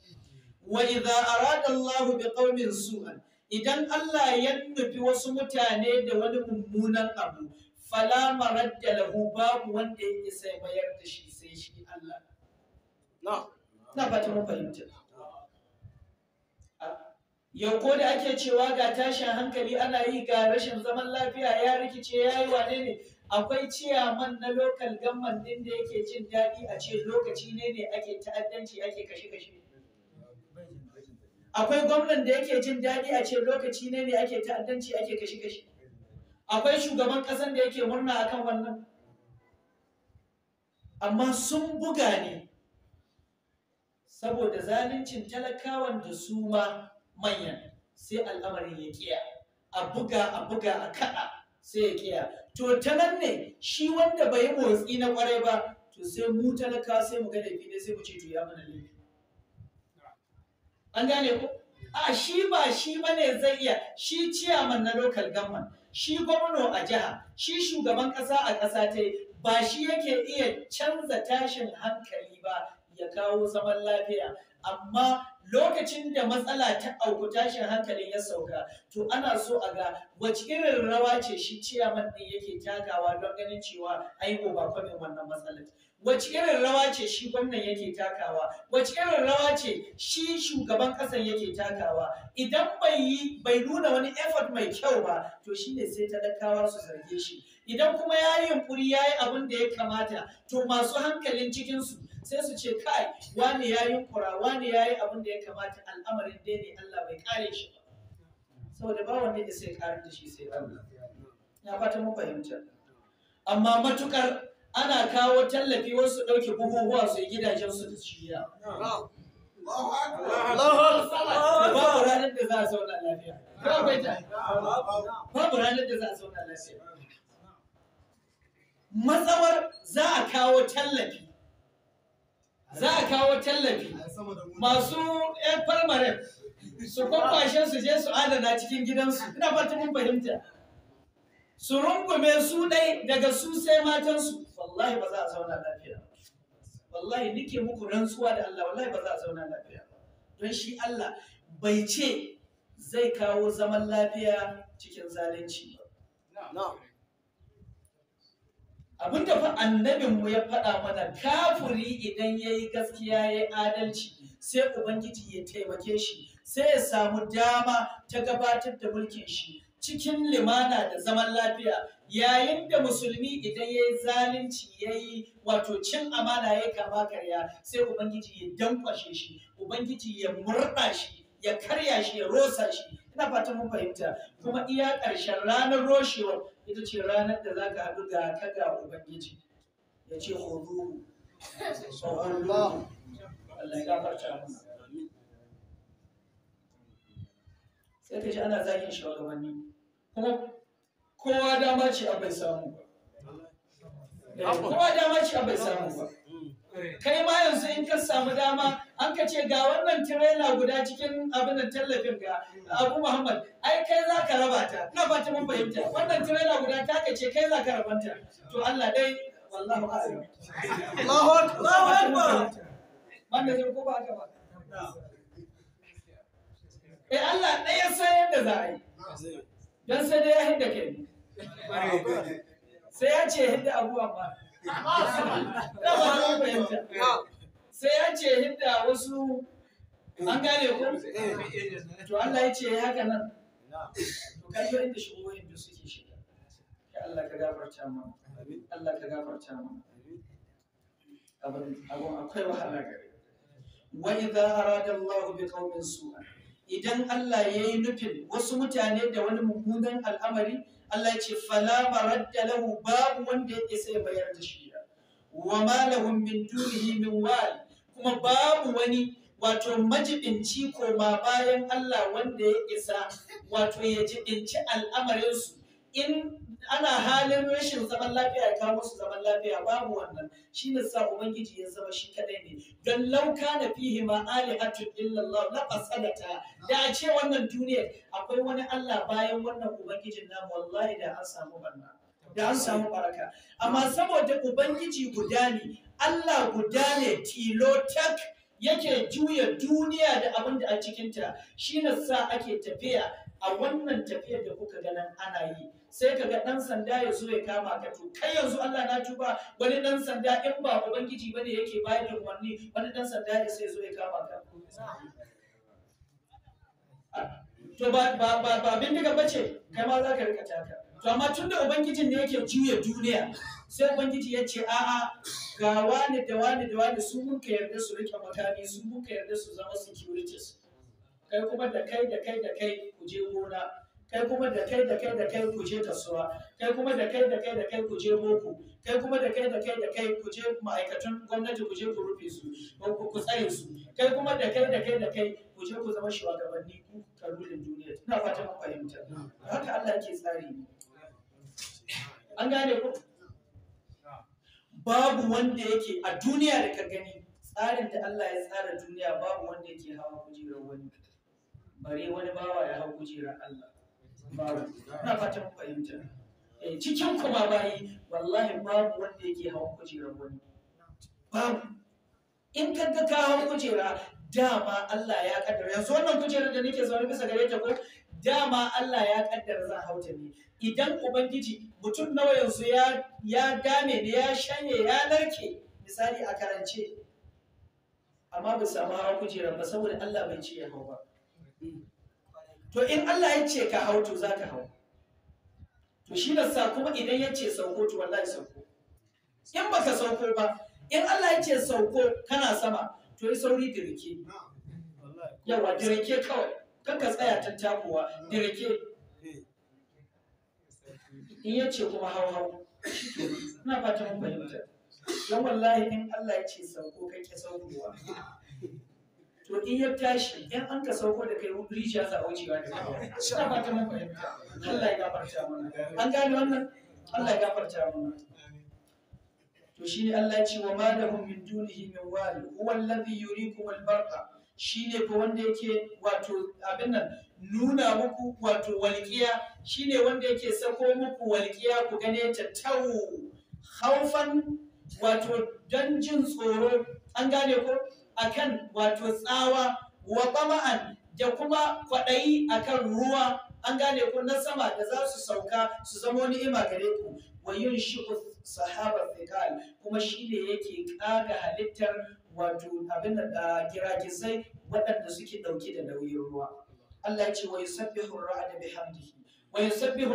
wa idza arada Allah bi qaumin su'an idan Allah ya nufi wasu mutane da wani mummunan abu fala maradda lahu babu wanda ya isa ya bayar da shi sai shi Allah na na fata mun yau ko da ake cewa ga tashin hankali ana yi ga rashin zaman lafiya ya rikice ya yi wane ne akwai ciyaman na lokal gamman din da yake cin daɗi a ce lokaci ne ne ake ta'addanci ake kashe-kashe akwai gwamnan da yake jin daɗi a ce lokaci ne ne ake ta'addanci ake kashi-kashi akwai shugaban ƙasan da yake murna akan wannan amma sun buga ne saboda zaluncin talakawan da su ma manyan sai al'amarin ya kiya a buga a buga a kaɗa sai ya kiya to ta nan ne shi wanda bai motsi na kwarai ba to sai mu talaka sai mu ga da ne sai mu ce to ya mana laifi an gane ko a shi ba shi bane zai iya shi ciyaman na local government shi gwamno a jiha shi shugaban ƙasa a ƙasa ta ba shi yake iya canza tashin hankali ba ya kawo zaman lafiya amma lokacin da matsala ta auku tashin hankalin ya sauka to ana so a ga wace irin rawa ce shi ciyaman din yake takawa don ganin cewa ai ba kwamin wannan matsalar wace irin rawa ce shi gwamnan yake takawa wace irin rawa ce shi shugaban kasan yake takawa idan bai yi bai nuna wani effort mai kyau ba to shine sai talakawa su zarge shi idan kuma ya yi yunƙuri ya yi abin da ya kamata to masu hankalin cikinsu sai su ce kai wani ya yi kura wani ya yi abin da ya kamata al'amarin dai ne Allah bai kare shi ba saboda ba wanda da sai kare da shi sai Allah ya fata mu fahimta amma matukar ana kawo tallafi wasu dauke buhuhuwa su yi gidajen su da shiya babu ranar da za a zauna lafiya babu ranar da za a zauna lafiya matsawar za a kawo tallafi za a kawo tallafi masu yan farmarin su kwakwashe su je su adana cikin gidansu ina fata mun fahimta su rungume su dai daga su sai matansu wallahi ba za a zauna lafiya wallahi nike muku rantsuwa da Allah wallahi ba za a zauna lafiya don shi Allah bai ce zai kawo zaman lafiya cikin zalunci ba abin da fa annabinmu ya faɗa mana kafuri idan yayi gaskiya ya yi adalci sai ubangiji ya taimake shi sai ya samu dama ta gabatar da mulkin shi cikin limana da zaman lafiya yayin da musulmi idan ya yi zalunci ya yi wato cin amana ya kama karya sai ubangiji ya dankwashe shi ubangiji ya murɗa shi ya karya shi ya rosa shi ina fatan mun fahimta kuma iya ƙarshen ranar roshewar ita ce ranar da za ka haɗu ga ka ga ubangiji ya ce hudu Allah ya gafarta ana zagin shugabanni kuma kowa dama ce a bai samu eh, kowa dama ce a bai samu ba hmm. kai ma yanzu in ka samu dama an ka ce ga wannan tirela guda cikin abin da tallafin ga abu muhammad ai kai za ka raba ta na fata mun fahimta wannan tirela guda ta ka ce kai za ka ta to allah dai wallahu a'lam allahu akbar wanda zai ko ba ka ba eh allah ya san yadda za a yi dan sai dai ya hinda kai sai ya ce hinda abu amma sai ya ce hidda wasu an gane ku. to Allah ya ce ya Allah ka gafarta Allah ka gafarta akwai wahala gare wa Allah bi qaumin idan Allah yayi nufin wasu mutane da wani mummunan al'amari Allah ce fala maradda lahu babu wanda yake sai bayar da shi wa malahum min dunihi min wal kuma babu wani wato majibinci ko koma bayan Allah wanda ya isa wato ya jibinci al'amarin su in ana halin rashin zaman lafiya ya kawo su zaman lafiya babu wannan shi ne sa ubangiji ya zama shi kadai ne Don lauka na fihi ma alihatun illallah na fasadata da a ce wannan duniyar akwai wani Allah bayan wannan ubangijin namu wallahi da an samu banna da an samu baraka amma saboda ubangiji guda ne Allah guda ne tilo yake juya duniya da abin da a cikinta shi ne sa ake tafiya a wannan tafiyar da kuka ganin ana yi sai kaga dan ɗan sanda ya zo ya kama ka to kai yanzu Allah na tuba wani ɗan sanda in ba ubangiji bane yake bayar da umarni wani ɗan sanda ya sai zo ya kama ka to ba ba ba ba diga bace kai ma za ka rika taka to amma tunda ubangijin ne yake juya duniya sai ubangiji ya ce a'a ga wani da wani da wani su muka yarda su rike makami su muka yarda su zama securities kai kuma da kai da kai da kai ku je gona kai kuma da kai da kai da kai ku je kasuwa kai kuma da kai da kai da kai ku je boko kai kuma da kai da kai da kai ku je ma'aikatan gwamnati ku je ku rufe su ku tsaye su kai kuma da kai da kai da kai ku je ku zama shugabanni ku karulin duniya ina fata mun fahimta haka Allah yake tsari an gane ku babu wanda yake a duniya da ka gani tsarin da Allah ya tsara duniya babu wanda yake hawa kujerar wani Bari wani bawa ya hau kujerar Allah babu na fatan fahimta eh, cikin kuma bayi wallahi babu wanda yake hawan kujerar wani babu in ka ga ka hau kujera dama Allah ya kaddara yanzu wannan kujerar da nake zaune bisa gare ta ko dama Allah ya kaddara zan ta ne idan ubangiji mutum nawa yanzu ya ya dame ne ya shanye ya narke misali a karance amma bai samu hawan kujerar ba saboda Allah bai ce ya hau ba to in Allah ya ce ka hau to za ka hau to shi da sa kuma idan ya ce sauko to wallahi sauko in ba ka sauko ba in Allah ya ce sauko kana sama to yi sauri da rike. yawa da rike kawai kan ka tsaya ta takowa rike. in ya ce kuma hau hau ina fata mun fahimta don wallahi in Allah ya ce sauko kake saukowa to in ya tashi in an ka sauko da kai wuri ya zaɓa aucewa da kai ina fata mun fahimta Allah ya gafarta mana an gane wannan Allah ya gafarta mana to shine Allah ya ce wa malahum min dunihi min wali huwa alladhi yurikum al shine ko wanda yake wato abin nan nuna muku wato walƙiya shine wanda yake sako muku walƙiya ku gane ta tawo, haufan wato don jin tsoro an gane ko akan wato tsawa wa tama'an da kuma kwaɗayi akan ruwa an gane ku na sama da za su sauka su zamo ni'ima gare ku wa yin shi'u sahaba thiqal kuma shi ne yake kaga halittar wato abin da ah, giragizai waɗanda suke ɗauke da nauyin ruwa Allah ya ce wa yusabbihu ar bihamdihi wa yusabbihu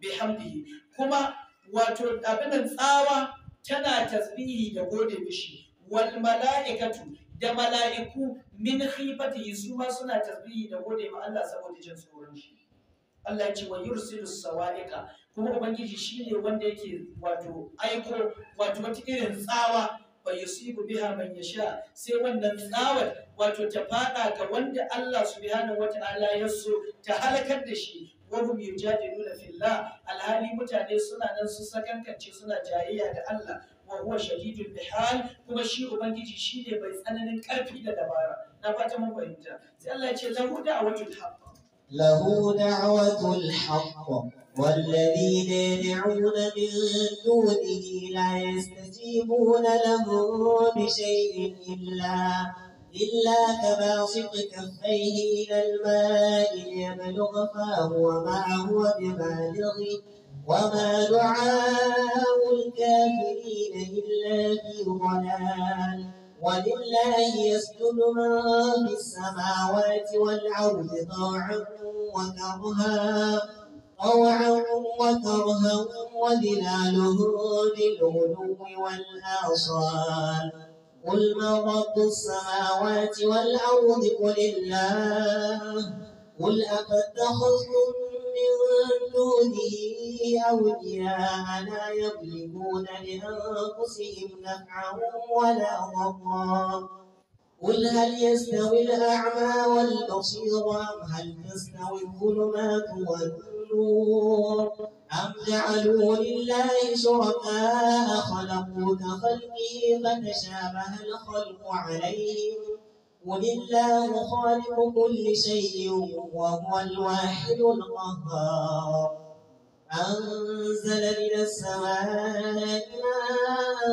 bihamdihi kuma wato abin tsawa tana tasbihi da gode mishi wal mala'ikatu da mala'iku min khifatihi su ma suna tasbihi da gode ma Allah saboda jin tsoron shi Allah ce wa yursilu sawa'iqa kuma ubangiji shine wanda yake wato aiko wato wata irin tsawa fa yusibu biha man yasha sai wannan tsawar wato ta fada ga wanda Allah subhanahu wata'ala ya so ta halakar da shi wa hum yujadiluna fillah alhali mutane suna nan su sakankance suna jayayya da Allah وهو شديد البحال كما شيخ بنجي شيدة بس أنا نكرفي ده دبارة نبات مو بنتا زي الله له دعوة الحق له دعوة الحق والذين يدعون من دونه لا يستجيبون له بشيء إلا إلا كباصق كفيه إلى الماء ليبلغ فاه وما هو ببالغ وما دعاء الكافرين إلا في ضلال ولله يسجد من في السماوات والأرض طوعا وكرها طوعا وكرها وذلاله بالغلو والآصال قل من رب السماوات والأرض قل الله قل أفاتخذتم من دونه أولياء لا يظلمون لأنفسهم نفعا ولا ضرا قل هل يستوي الأعمى والبصير أم هل تستوي الظلمات والنور أم جعلوا لله شركاء خلقوا كخلقه فتشابه الخلق عليهم قل الله خالق كل شيء وهو الواحد القهار أنزل من السماء ماء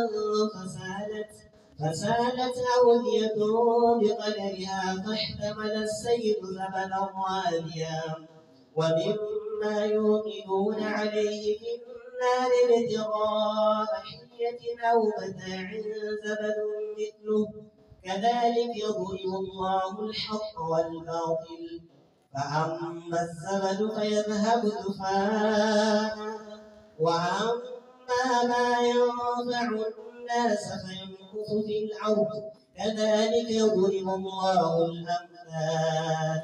فسالت فسالت أودية بقدرها فاحتمل السيد زبدا واديا ومما يوقدون عليه في النار ابتغاء حية أو متاع زبد مثله كذلك يظلم الله الحق والباطل فأما الزمن فيذهب دفاعا وأما ما ينفع الناس فيمكث في الأرض كذلك يظلم الله الأمثال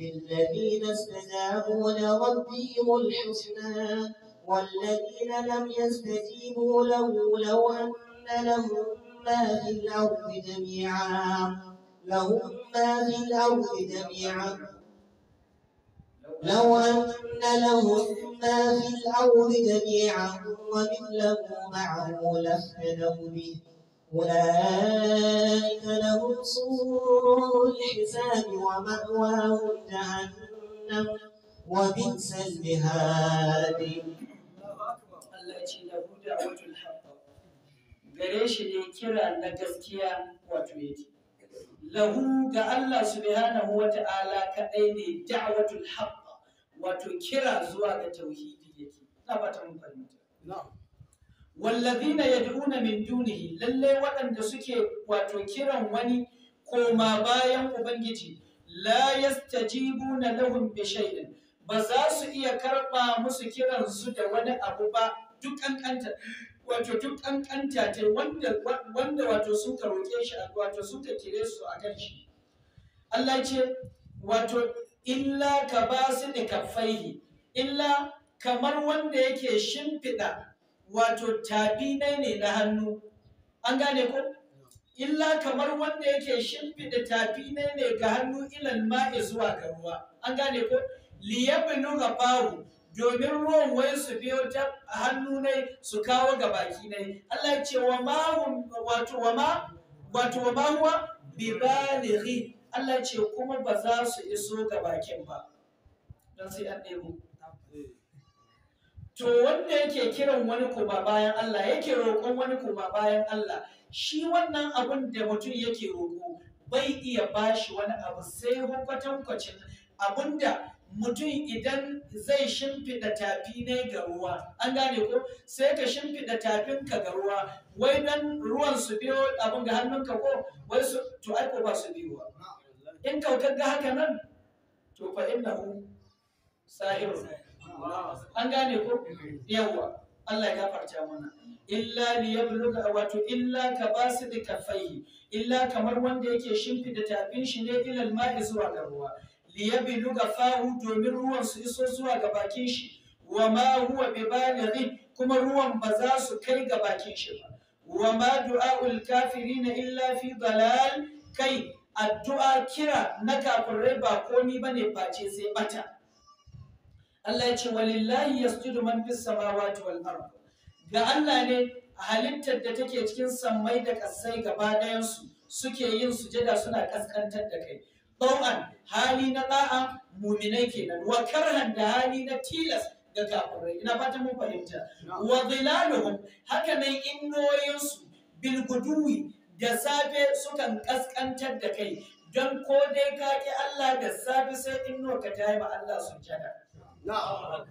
للذين استجابوا لربهم الحسنى والذين لم يستجيبوا له لو أن لهم ما في الأرض جميعا له ما في الأرض جميعا لو أن لهم ما في الأرض جميعا ومثله معه لافتدوا به أولئك لهم سوء الحساب ومأواهم جهنم وبئس المهاد gare shi ne kira na gaskiya wato yake lahu ga Allah subhanahu wa ta'ala kadai ne da'watul haqq wato kira zuwa ga tauhidi yake na fata mun fahimta na'am yad'una min dunihi lalle waɗanda suke wato kiran wani koma bayan ubangiji la yastajibuna lahum bi shay'in ba za su iya karba musu kiran su da wani abu ba duk kankanta wato duk kankanta ta wanda wanda wato sun roƙe shi wato suka kire su a kan shi Allah ce wato illa ka ba su da kafaihi illa kamar wanda yake shimfiɗa wato tafi ne na hannu an gane ko illa kamar wanda yake shimfiɗa tafi ne ga hannu ilan ma'i zuwa ga ruwa an gane ko liyabnu gafaru domin ruwan wai su biyo ta hannu ne su kawo ga baki ne Allah ce wa ma wato wa ma wato wa ma bi balighi Allah ce kuma ba za su iso ga bakin ba dan sai an mu to wanda yake kiran wani kuma bayan Allah yake roƙon wani kuma bayan Allah shi wannan abun da mutum yake roƙo bai iya bashi wani abu sai kwatankwacin abun da mutum idan zai shimfiɗa tafi ne ga ruwa an gane ko sai ka shimfiɗa tafinka ga ruwa wai nan ruwan su biyo abin ga hannunka ko wai su to ko ba su biyo in kautar ga haka nan to fa hu sahiru an gane ko yawa Allah ya gafarta mana illa li yabluga wato illa ka basu da kafai illa kamar wanda yake shimfida tafin shi ne ilal ma'i zuwa ga ruwa liyabilu gafahu domin ruwan su iso zuwa ga bakin shi wa ma huwa bi balighin kuma ruwan ba za su kai ga bakin shi ba wa ma du'a'ul kafirin illa fi dalal kai addu'a kira na kafirai ba komi bane face sai bata Allah ya ce walillahi yasjudu man fis samawati wal ard ga Allah ne halittar da take cikin sammai da kasai gaba ɗayan su suke yin sujada suna kaskantar da kai ɗau'an hali na ɗa'a muminai kenan wa karhan da hali na tilas ga kafirai ina fata mun fahimta wa zilaluhum haka nan innoyinsu bil guduwi da safe sukan kaskantar da kai don ko dai ka ki Allah da safe sai innoka ka yi ma Allah sujjada na'am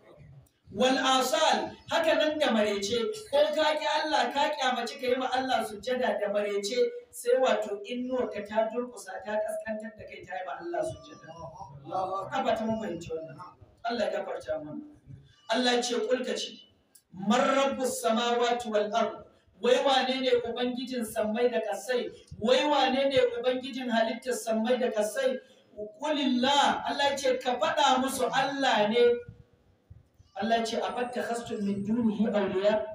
wal asal haka nan da marece ko ka ki Allah ka kyamaci ka yi ma Allah sujjada da marece sai wato inno ka ta durkusa ta kaskantar da kai ta yi ma Allah sujjada ba ta mun fahimci wannan Allah ya gafarta mun Allah ce kulka ce man rabbus samawati wal ard wai wane ne ubangijin sammai da kasai wai wane ne ubangijin halittar sammai da kasai kulillah Allah ce ka faɗa musu Allah ne Allah ce a fatta min dunihi awliya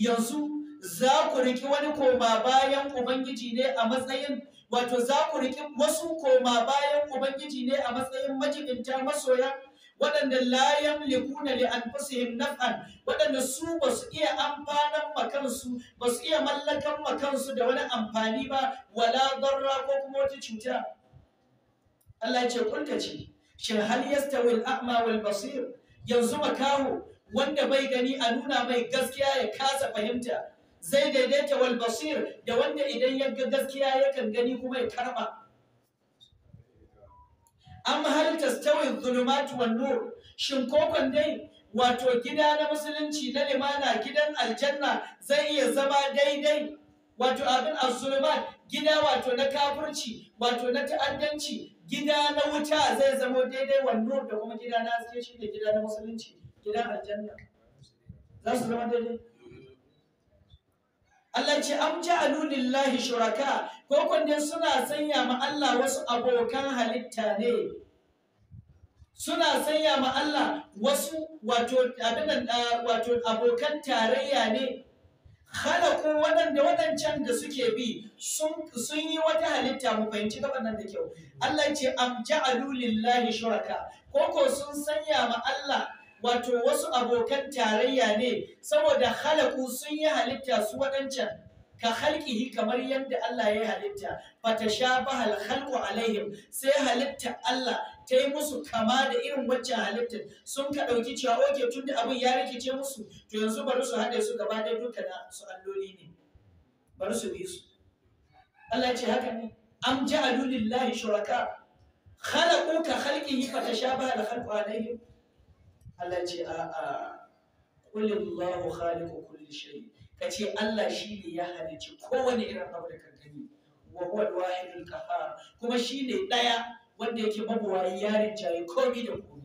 yanzu za ku riki wani koma bayan ubangiji ne a matsayin wato za ku riki wasu koma bayan ubangiji ne a matsayin majibinta masoya waɗanda la yamlikuna li anfusihim naf'an waɗanda su ba su iya amfanan makansu ba su iya mallakan makansu da wani amfani ba wala darra ko kuma wata cuta Allah ya ce kulka ce shin hal yastawi al-a'ma wal basir yanzu makaho wanda bai gani a nuna mai gaskiya ya kasa fahimta zai daidaita wal bashir da wanda idan ya ga gaskiya yakan gani kuma ya karba am hal tastawi dhulumat wan nur shin ko dai wato gida na musulunci na limana gidan aljanna zai iya zama daidai wato abin az gida wato na kafirci wato na ta'addanci gida na wuta zai zama daidai wannan da kuma gida na haske shi ne gida na musulunci gidan aljanna za su zama daidai Allah ce am ja'alu lillahi shuraka ko kunne suna sanya ma Allah wasu abokan halitta ne suna sanya ma Allah wasu wato abinan ah, wato abokan tarayya ne halaku waɗanda waɗancan da suke bi sun yi wata halitta mu fahimci gaban nan da kyau Allah ce am ja'alu lillahi shuraka ko ko sun sanya ma Allah wato wasu abokan tarayya ne saboda halaku sun yi halitta su waɗancan ka halkihi kamar yadda Allah ya halitta fatashabaha al-khalqu alaihim sai halitta Allah ta yi musu kama da irin wancan halittar sun ka ɗauki cewa oke tun da abin ya rikice musu to yanzu bari su haɗe su gaba ɗaya duka da su alloli ne bari su bi su Allah ce haka ne am ja'alu lillahi shuraka khalaqu ka khalqihi fa tashabaha al khalqu alayhi Allah ce a a qul Allahu khaliqu kulli shay kace Allah shi ne ya halicci kowane irin abu da kan wa huwa al-wahid al-qahhar kuma shi ne daya wanda yake mabuwayi yarin jaye komi da komi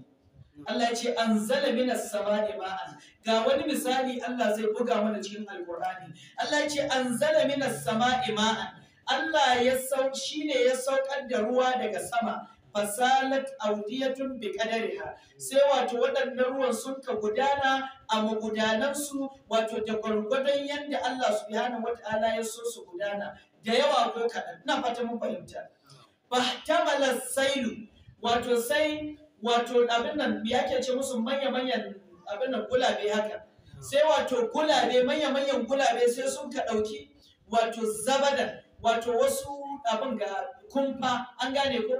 Allah ce an zala minas sama'i ma'an ga wani misali Allah zai buga mana cikin alkur'ani Allah ce an zala minas sama'i ma'an Allah ya sau shi ne ya saukar da ruwa daga sama fasalat audiyatun bi kadariha sai wato waɗannan ruwan sun ka gudana a magudanansu wato da gwargwadon yadda Allah subhanahu wataala ya so su gudana da yawa ko kaɗan ina fata mun fahimta fahtamala sailu wato sai wato abin nan ya ke ce musu manya-manyan abin nan gulabe haka sai wato gulabe manya-manyan gulabe sai sun ka ɗauki wato zabadan wato wasu abin ga kumfa an gane ko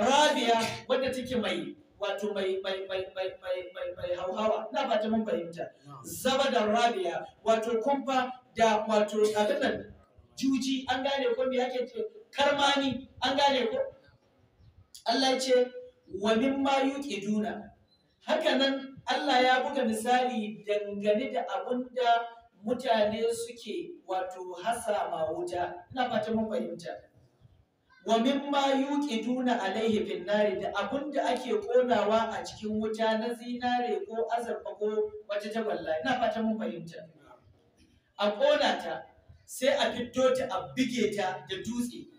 rabia wadda take mai wato mai mai mai mai mai mai mai hauhawa ina fata mun fahimta zabadan rabia wato kumfa da wato abin nan juji an gane ko me yake karmani an gane ko Allah ce wa mimma yuqiduna haka nan Allah ya buga misali dangane da abin mutane suke wato hasama wuta ina fata mun fahimta wa mimma yuqiduna alaihi fin nari da abin da ake konawa a cikin wuta na zinare ko azurfa ko wata tagwalla ina fata mun fahimta a kona sai a fito ta a bige ta da dutse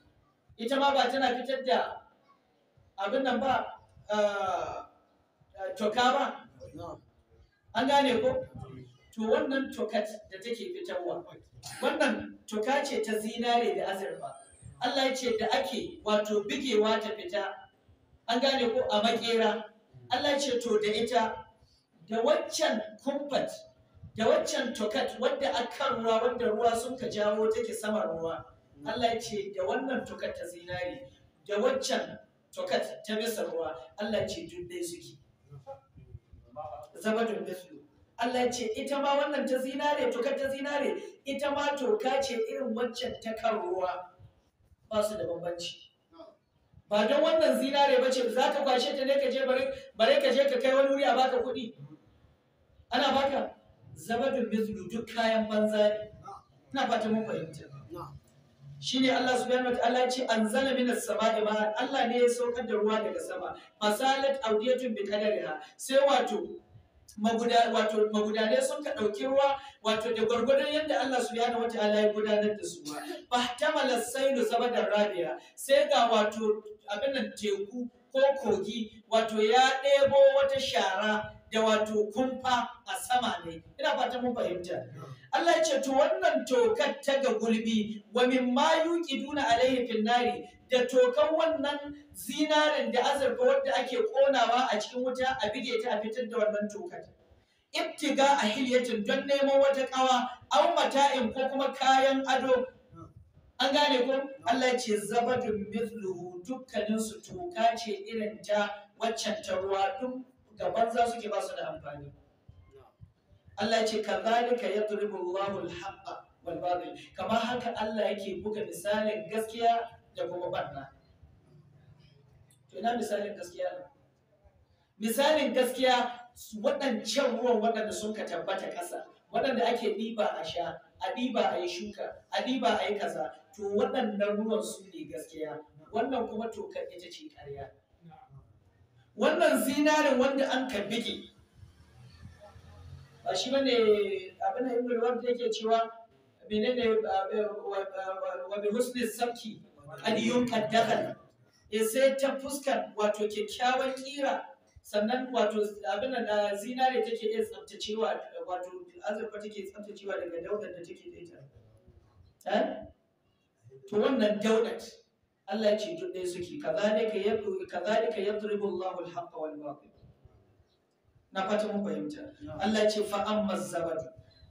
ita ma ba tana fitar da abin nan ba eh, toka ba an gane ko to wannan tokat da take fitarwa wannan toka ce ta zinare da azurfa Allah ya ce da ake wato bigewa ta fita an gane ko a makera Allah ya ce to da ita da waccan kumfat da waccan tokat wadda aka ruwa wadda ruwa sun ka jawo take sama ruwa Allah ce da wannan tukar ta zinari da waccan tukar ta misarwa Allah ce duk dai suke zabadun mislu Allah ce ita ma wannan ta zinare tukar ta zinare ita ma toka ce irin waccan ta kan ruwa ba su da bambanci ba don wannan zinare ba ce za ka kwashe ta ne ka je bare ka je ka kai wani wuri a baka kuɗi ana baka zabadun mislu duk kayan banza ne ina fata mun fahimta shine Allah subhanahu wataala ya ce anzala minas sama'i ma Allah ne ya saukar da ruwa daga sama masalat awdiyatun bi qadariha sai wato magudanai sun ka ɗauki ruwa wato da gwargwadon yadda Allah subhanahu wataala ya gudanar da su ba tamala Sayyidu, saboda rabiya sai ga wato abin nan teku ko kogi wato ya debo wata shara da wato kumfa a sama ne ina fatan mun fahimta Allah ya ce to wannan tokar ta ga gulbi wa min ma yuqiduna alaihi fil nari da tokan wannan zinarin da azurfa wanda ake konawa a cikin wuta a bige ta a fitar da wannan tokar ibtiga a don neman wata kawa aw mata'in ko kuma kayan ado an gane ko Allah ya ce zabadun mithluhu dukkanin su toka ce irin ta waccan ta ruwa duk gaban za suke ba su da amfani Allah ce ka kazalika yadribu Allahu al-haqqa wal batil kamar haka Allah yake buga misalin gaskiya da kuma barna to ina misalin gaskiya misalin gaskiya waɗancan ruwan waɗanda sun ka tabbata ƙasa waɗanda ake ɗiba a sha a ɗiba a yi shuka a ɗiba a yi kaza to waɗannan ruwan su ne gaskiya wannan kuma tokar ita ce ƙarya wannan zinarin wanda an ka bige A shi bane abin da ibnu wahab yake cewa menene wa bi husni sabki qad yunqad dakhal eh, sai ta fuskar wato kyakkyawan kira sannan wato abin da zinare take iya tsaftacewa wato azurfa take tsaftacewa daga daudar da take da ita eh? to wannan daudat Allah ya ce duk ɗaya suke kazalika yadribu Allahu al-haqqa wal batil na fata mun fahimta Allah ce fa amma zabad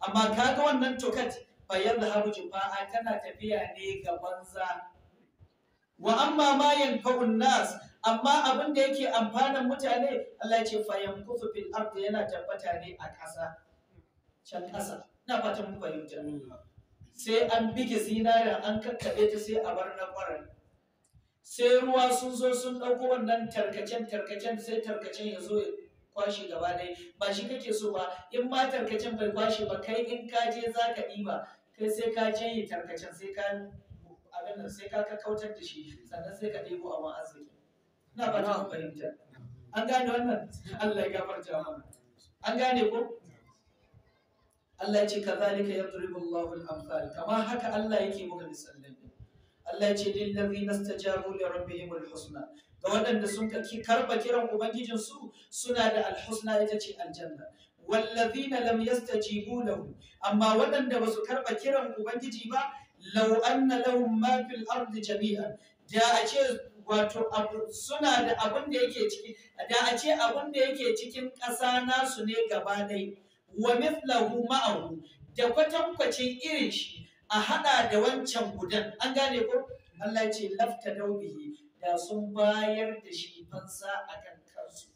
amma kaga wannan tokat fa yadhhabu jufa'a tana tafiya ne ga banza wa amma ma yanfa'un nas amma abin da yake amfanan mutane Allah ce fa yankufu fil ard yana tabbata ne a ƙasa can ƙasa na fata mun fahimta sai an bige zinariya an kakkaɓe ta sai a bar na ƙwarar sai ruwa sun zo sun ɗauko wannan tarkacen tarkacen sai tarkacen ya zo ya kwashe gaba ɗaya ba shi kake so ba in ma tarkacen bai kwashe ba kai in ka je za ka ɗiba kai sai ka je yi tarkacen sai ka abin nan sai ka kautar da shi sannan sai ka ɗebo abin arziki ina ba ta fahimta an gane wannan Allah ya gafarta mana an gane ko Allah ya ce kazalika yadribu Allahu al-amsal kamar haka Allah yake muka misalin Allah ya ce lil nastajabu li rabbihim al-husna da waɗanda sun karba kiran ubangijinsu suna da alhusna ita ce aljanna wallazina lam yastajibu lahu amma waɗanda ba su karba kiran ubangiji ba law anna lahum ma fil ardi jami'an da a ce wato suna da abun da yake ciki da a ce abun da yake cikin ƙasa nasu ne gaba dai wa mithlahu ma'ahu da kwatankwacin irin shi a haɗa da wancan gudan an gane ko Allah ce lafta daubihi da sun bayar da shi fansa a kan kansu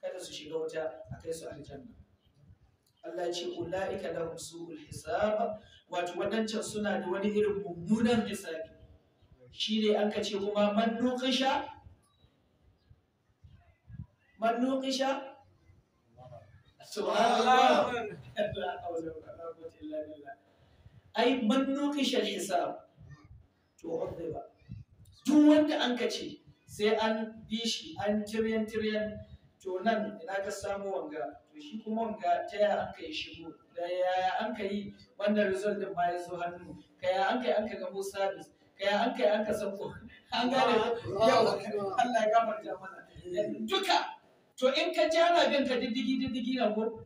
kada su shiga wuta a kai su aljanna Allah ce ula'ika lahum su'ul hisab wato wadancan suna da wani irin mummunan hisabi Shi ne an ka ce kuma man nuqisha man nuqisha subhanallah ai man nuqisha hisab to ba. duk wanda an ka ce sai an bi shi an tiryan tiryan to nan ina ka samu wanga to shi kuma wanga ta yaya an ka yi shigo da yaya an ka yi wannan result din ma ya hannu ka yaya an ka yi an ka Musa service ka yaya an ka yi an ka sako an gane yau Allah ya gafarta mana duka to in ka jana bin ka diddigi diddigi na ko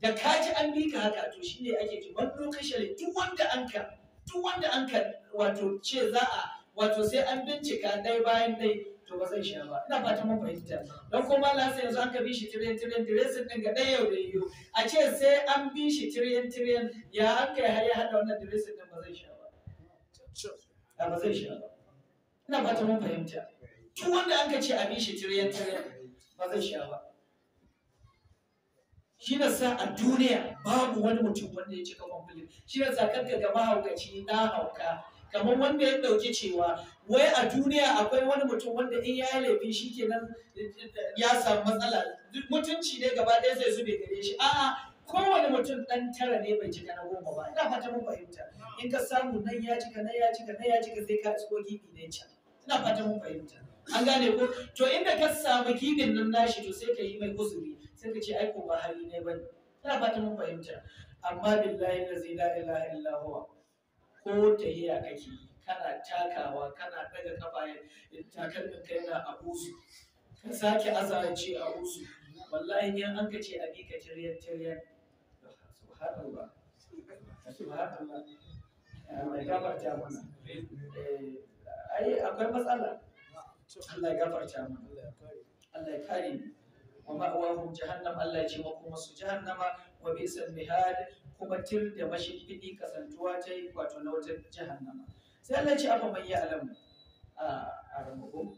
da ka ji an bi ka haka to shine ake ji wani lokacin duk wanda an ka duk wanda an ka wato ce za a wato sai an bincika dai bayan dai to ba zai sha ba ina fata mun fahimta don kuma Allah sai yanzu aka bi shi tiriyan tiriyan tiriyan sun dinga ɗaya yau da yau a ce sai an bi shi tiriyan tiriyan ya an kai har ya haɗa wannan tiriyan sun ba zai sha ba ba zai sha ba ina fata mun fahimta Tun wanda an ka ce a bi shi tiriyan tiriyan ba zai sha ba shi na sa a duniya babu wani mutum wanda ya cika kwamfulin shi na sa kanka ga mahaukaci na hauka kamar wanda ya ɗauki cewa wai a duniya akwai wani mutum wanda in ya yi laifin shi kenan ya samu matsala mutunci ne gaba ɗaya zai zube gare shi a'a kowane mutum ɗan tara ne bai cika na goma ba ina fata mun fahimta in ka samu nan ya cika nan ya cika nan ya cika sai ka isko gibi ne can ina fata mun fahimta an gane ko to inda ka samu gibin nan nashi to sai ka yi mai uzuri sai ka ce ai ko ba hali ne bane ina fata mun fahimta amma billahi la ilaha illa huwa ko tahiya kake yi kana takawa kana daga kafa takalmin ka yana abusu ka sake azara a abusu wallahi ne an ka ce a bi ka tiryar tiryar subhanallah subhanallah mai gafarta mana eh, ai akwai matsala Allah ya gafarta mana Allah ya kare mu wa ma'awahum jahannam Allah ya ce makoma su jahannama wa bi'sal mihad kubatir da mashimfiɗi kasantuwa ta yi wato na wata jahannama sai Allah ce abu mai ya'lam a ramako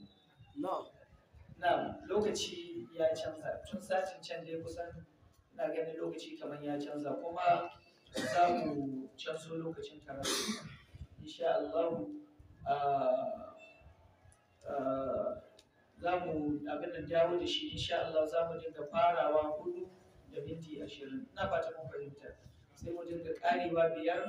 na lokaci ya canza tun satin can dai kusan na ganin lokaci kamar ya canza kuma za mu canzo lokacin karatu insha Allah za mu abin da dawo da shi insha Allah za mu dinga farawa hudu da minti ashirin na fata mun fahimta sai wajen da karewa biyar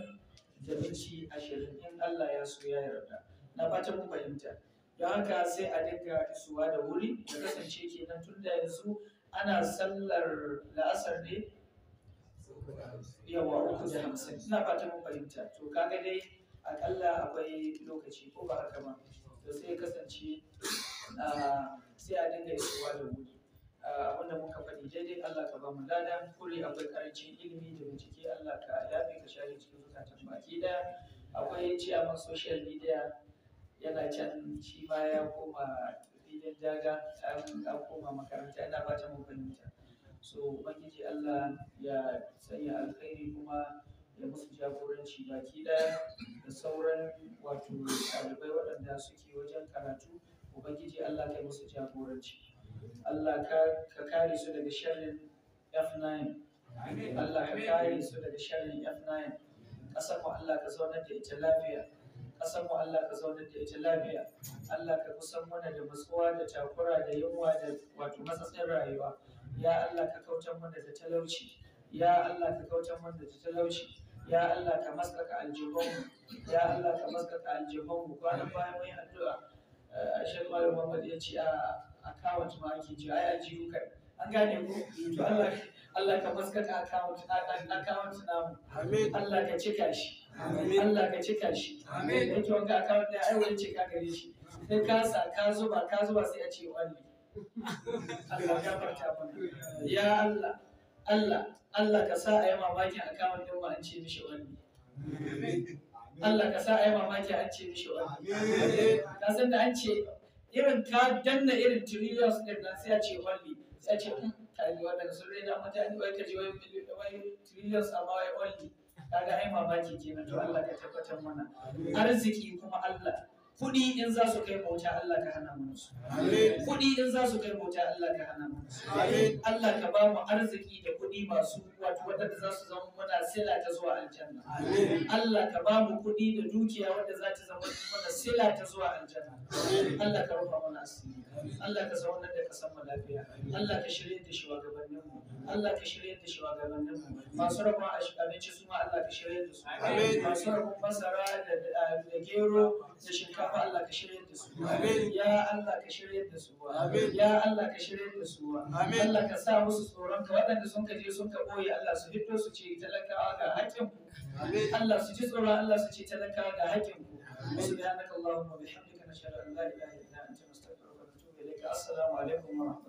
da bici ashirin in Allah ya so ya yarda na fatan ku fahimta don haka sai a dinga isuwa da wuri da kasance kenan tun da yanzu ana sallar la'asar ne yawa uku da hamsin ina fatan mun fahimta to kaga dai akalla akwai lokaci ko ba haka ba? to sai kasance ah, sai a dinga isuwa da wuri Ah, abinda muka faɗi daidai Allah ka ba mu lada kuri akwai karancin ilimi da bincike Allah ka yafe ka share cikin zukatan baki daya akwai ciyaman social media yana can ci ma ya koma filin daga ta koma makaranta yana bata ta fahimta so ubangiji Allah ya sanya alkhairi kuma ya musu jagoranci baki ɗaya da sauran wato ɗalibai waɗanda suke wajen karatu ubangiji Allah ya musu jagoranci Allah ka kare su daga sharrin F9 Allah ka kare su daga sharrin F9 ƙasar mu Allah ka zaunar da ita lafiya ƙasar mu Allah ka zaunar da ita lafiya Allah ka kusan mana da matsuwa da takura da yunwa da wato matsatsin rayuwa ya Allah ka kautar mana da talauci ya Allah ka kautar mana da talauci ya Allah ka maskaka aljihunmu ya Allah ka maskaka aljihunmu kwanan bayan mun yi addu'a Sheikh Malam Muhammad ya ce a account ma ake ce ai ajiyu kai an gane ku eh, to Allah Allah ka maskata account account namu amin Allah ka cika shi amin Allah ka cika shi amin kake eh, wanga account da ai wani cika gare shi sai ka sa ka zuba ka zuba sai a ce wani *laughs* Allah ya farta mana ya Allah Allah Allah ka sa a yi mamakin account din mu an ce mishi wani Amin. Allah ka sa a yi mamaki an ce mishi wani Amin. ka san da an ce irin ta danna irin trillions din nan sai a ce only sai a ce hmm, kai wannan sun rena mutane wai ka je wai wai trillions amma wai only kaga ai mamaki kenan to Allah ka tabbatar mana arziki kuma Allah kuɗi in za su kai bauta Allah ka hana mana su kuɗi in za su kai bauta Allah ka hana mana su Allah ka ba mu arziki da kuɗi masu wato wadda za su zama mana sila ta zuwa aljanna Allah ka ba mu kuɗi da dukiya wadda za ta zama mana sila ta zuwa aljanna Allah ka rufa mana asiri Allah ka zaunar da kasan mu lafiya Allah ka shirye da shugabannin mu Allah ka shirye da shugabannin mu masu rabon abinci su ma Allah ka shirye da su masu rabon masara da gero da shinkafa Allah ka shirya da su amin ya Allah ka shirya da su amin ya Allah ka shirya da su amin Allah ka sa musu tsoron ka waɗanda sun ka je sun ka ɓoye Allah su fito su ce talakawa ga haƙƙin ku amin Allah su ji tsoron Allah su ce talakawa ga haƙƙin ku Amin subhanakallahumma bihamdika nashhadu an la ilaha illa anta nastaghfiruka wa natubu ilayka assalamu alaikum wa rahmatullahi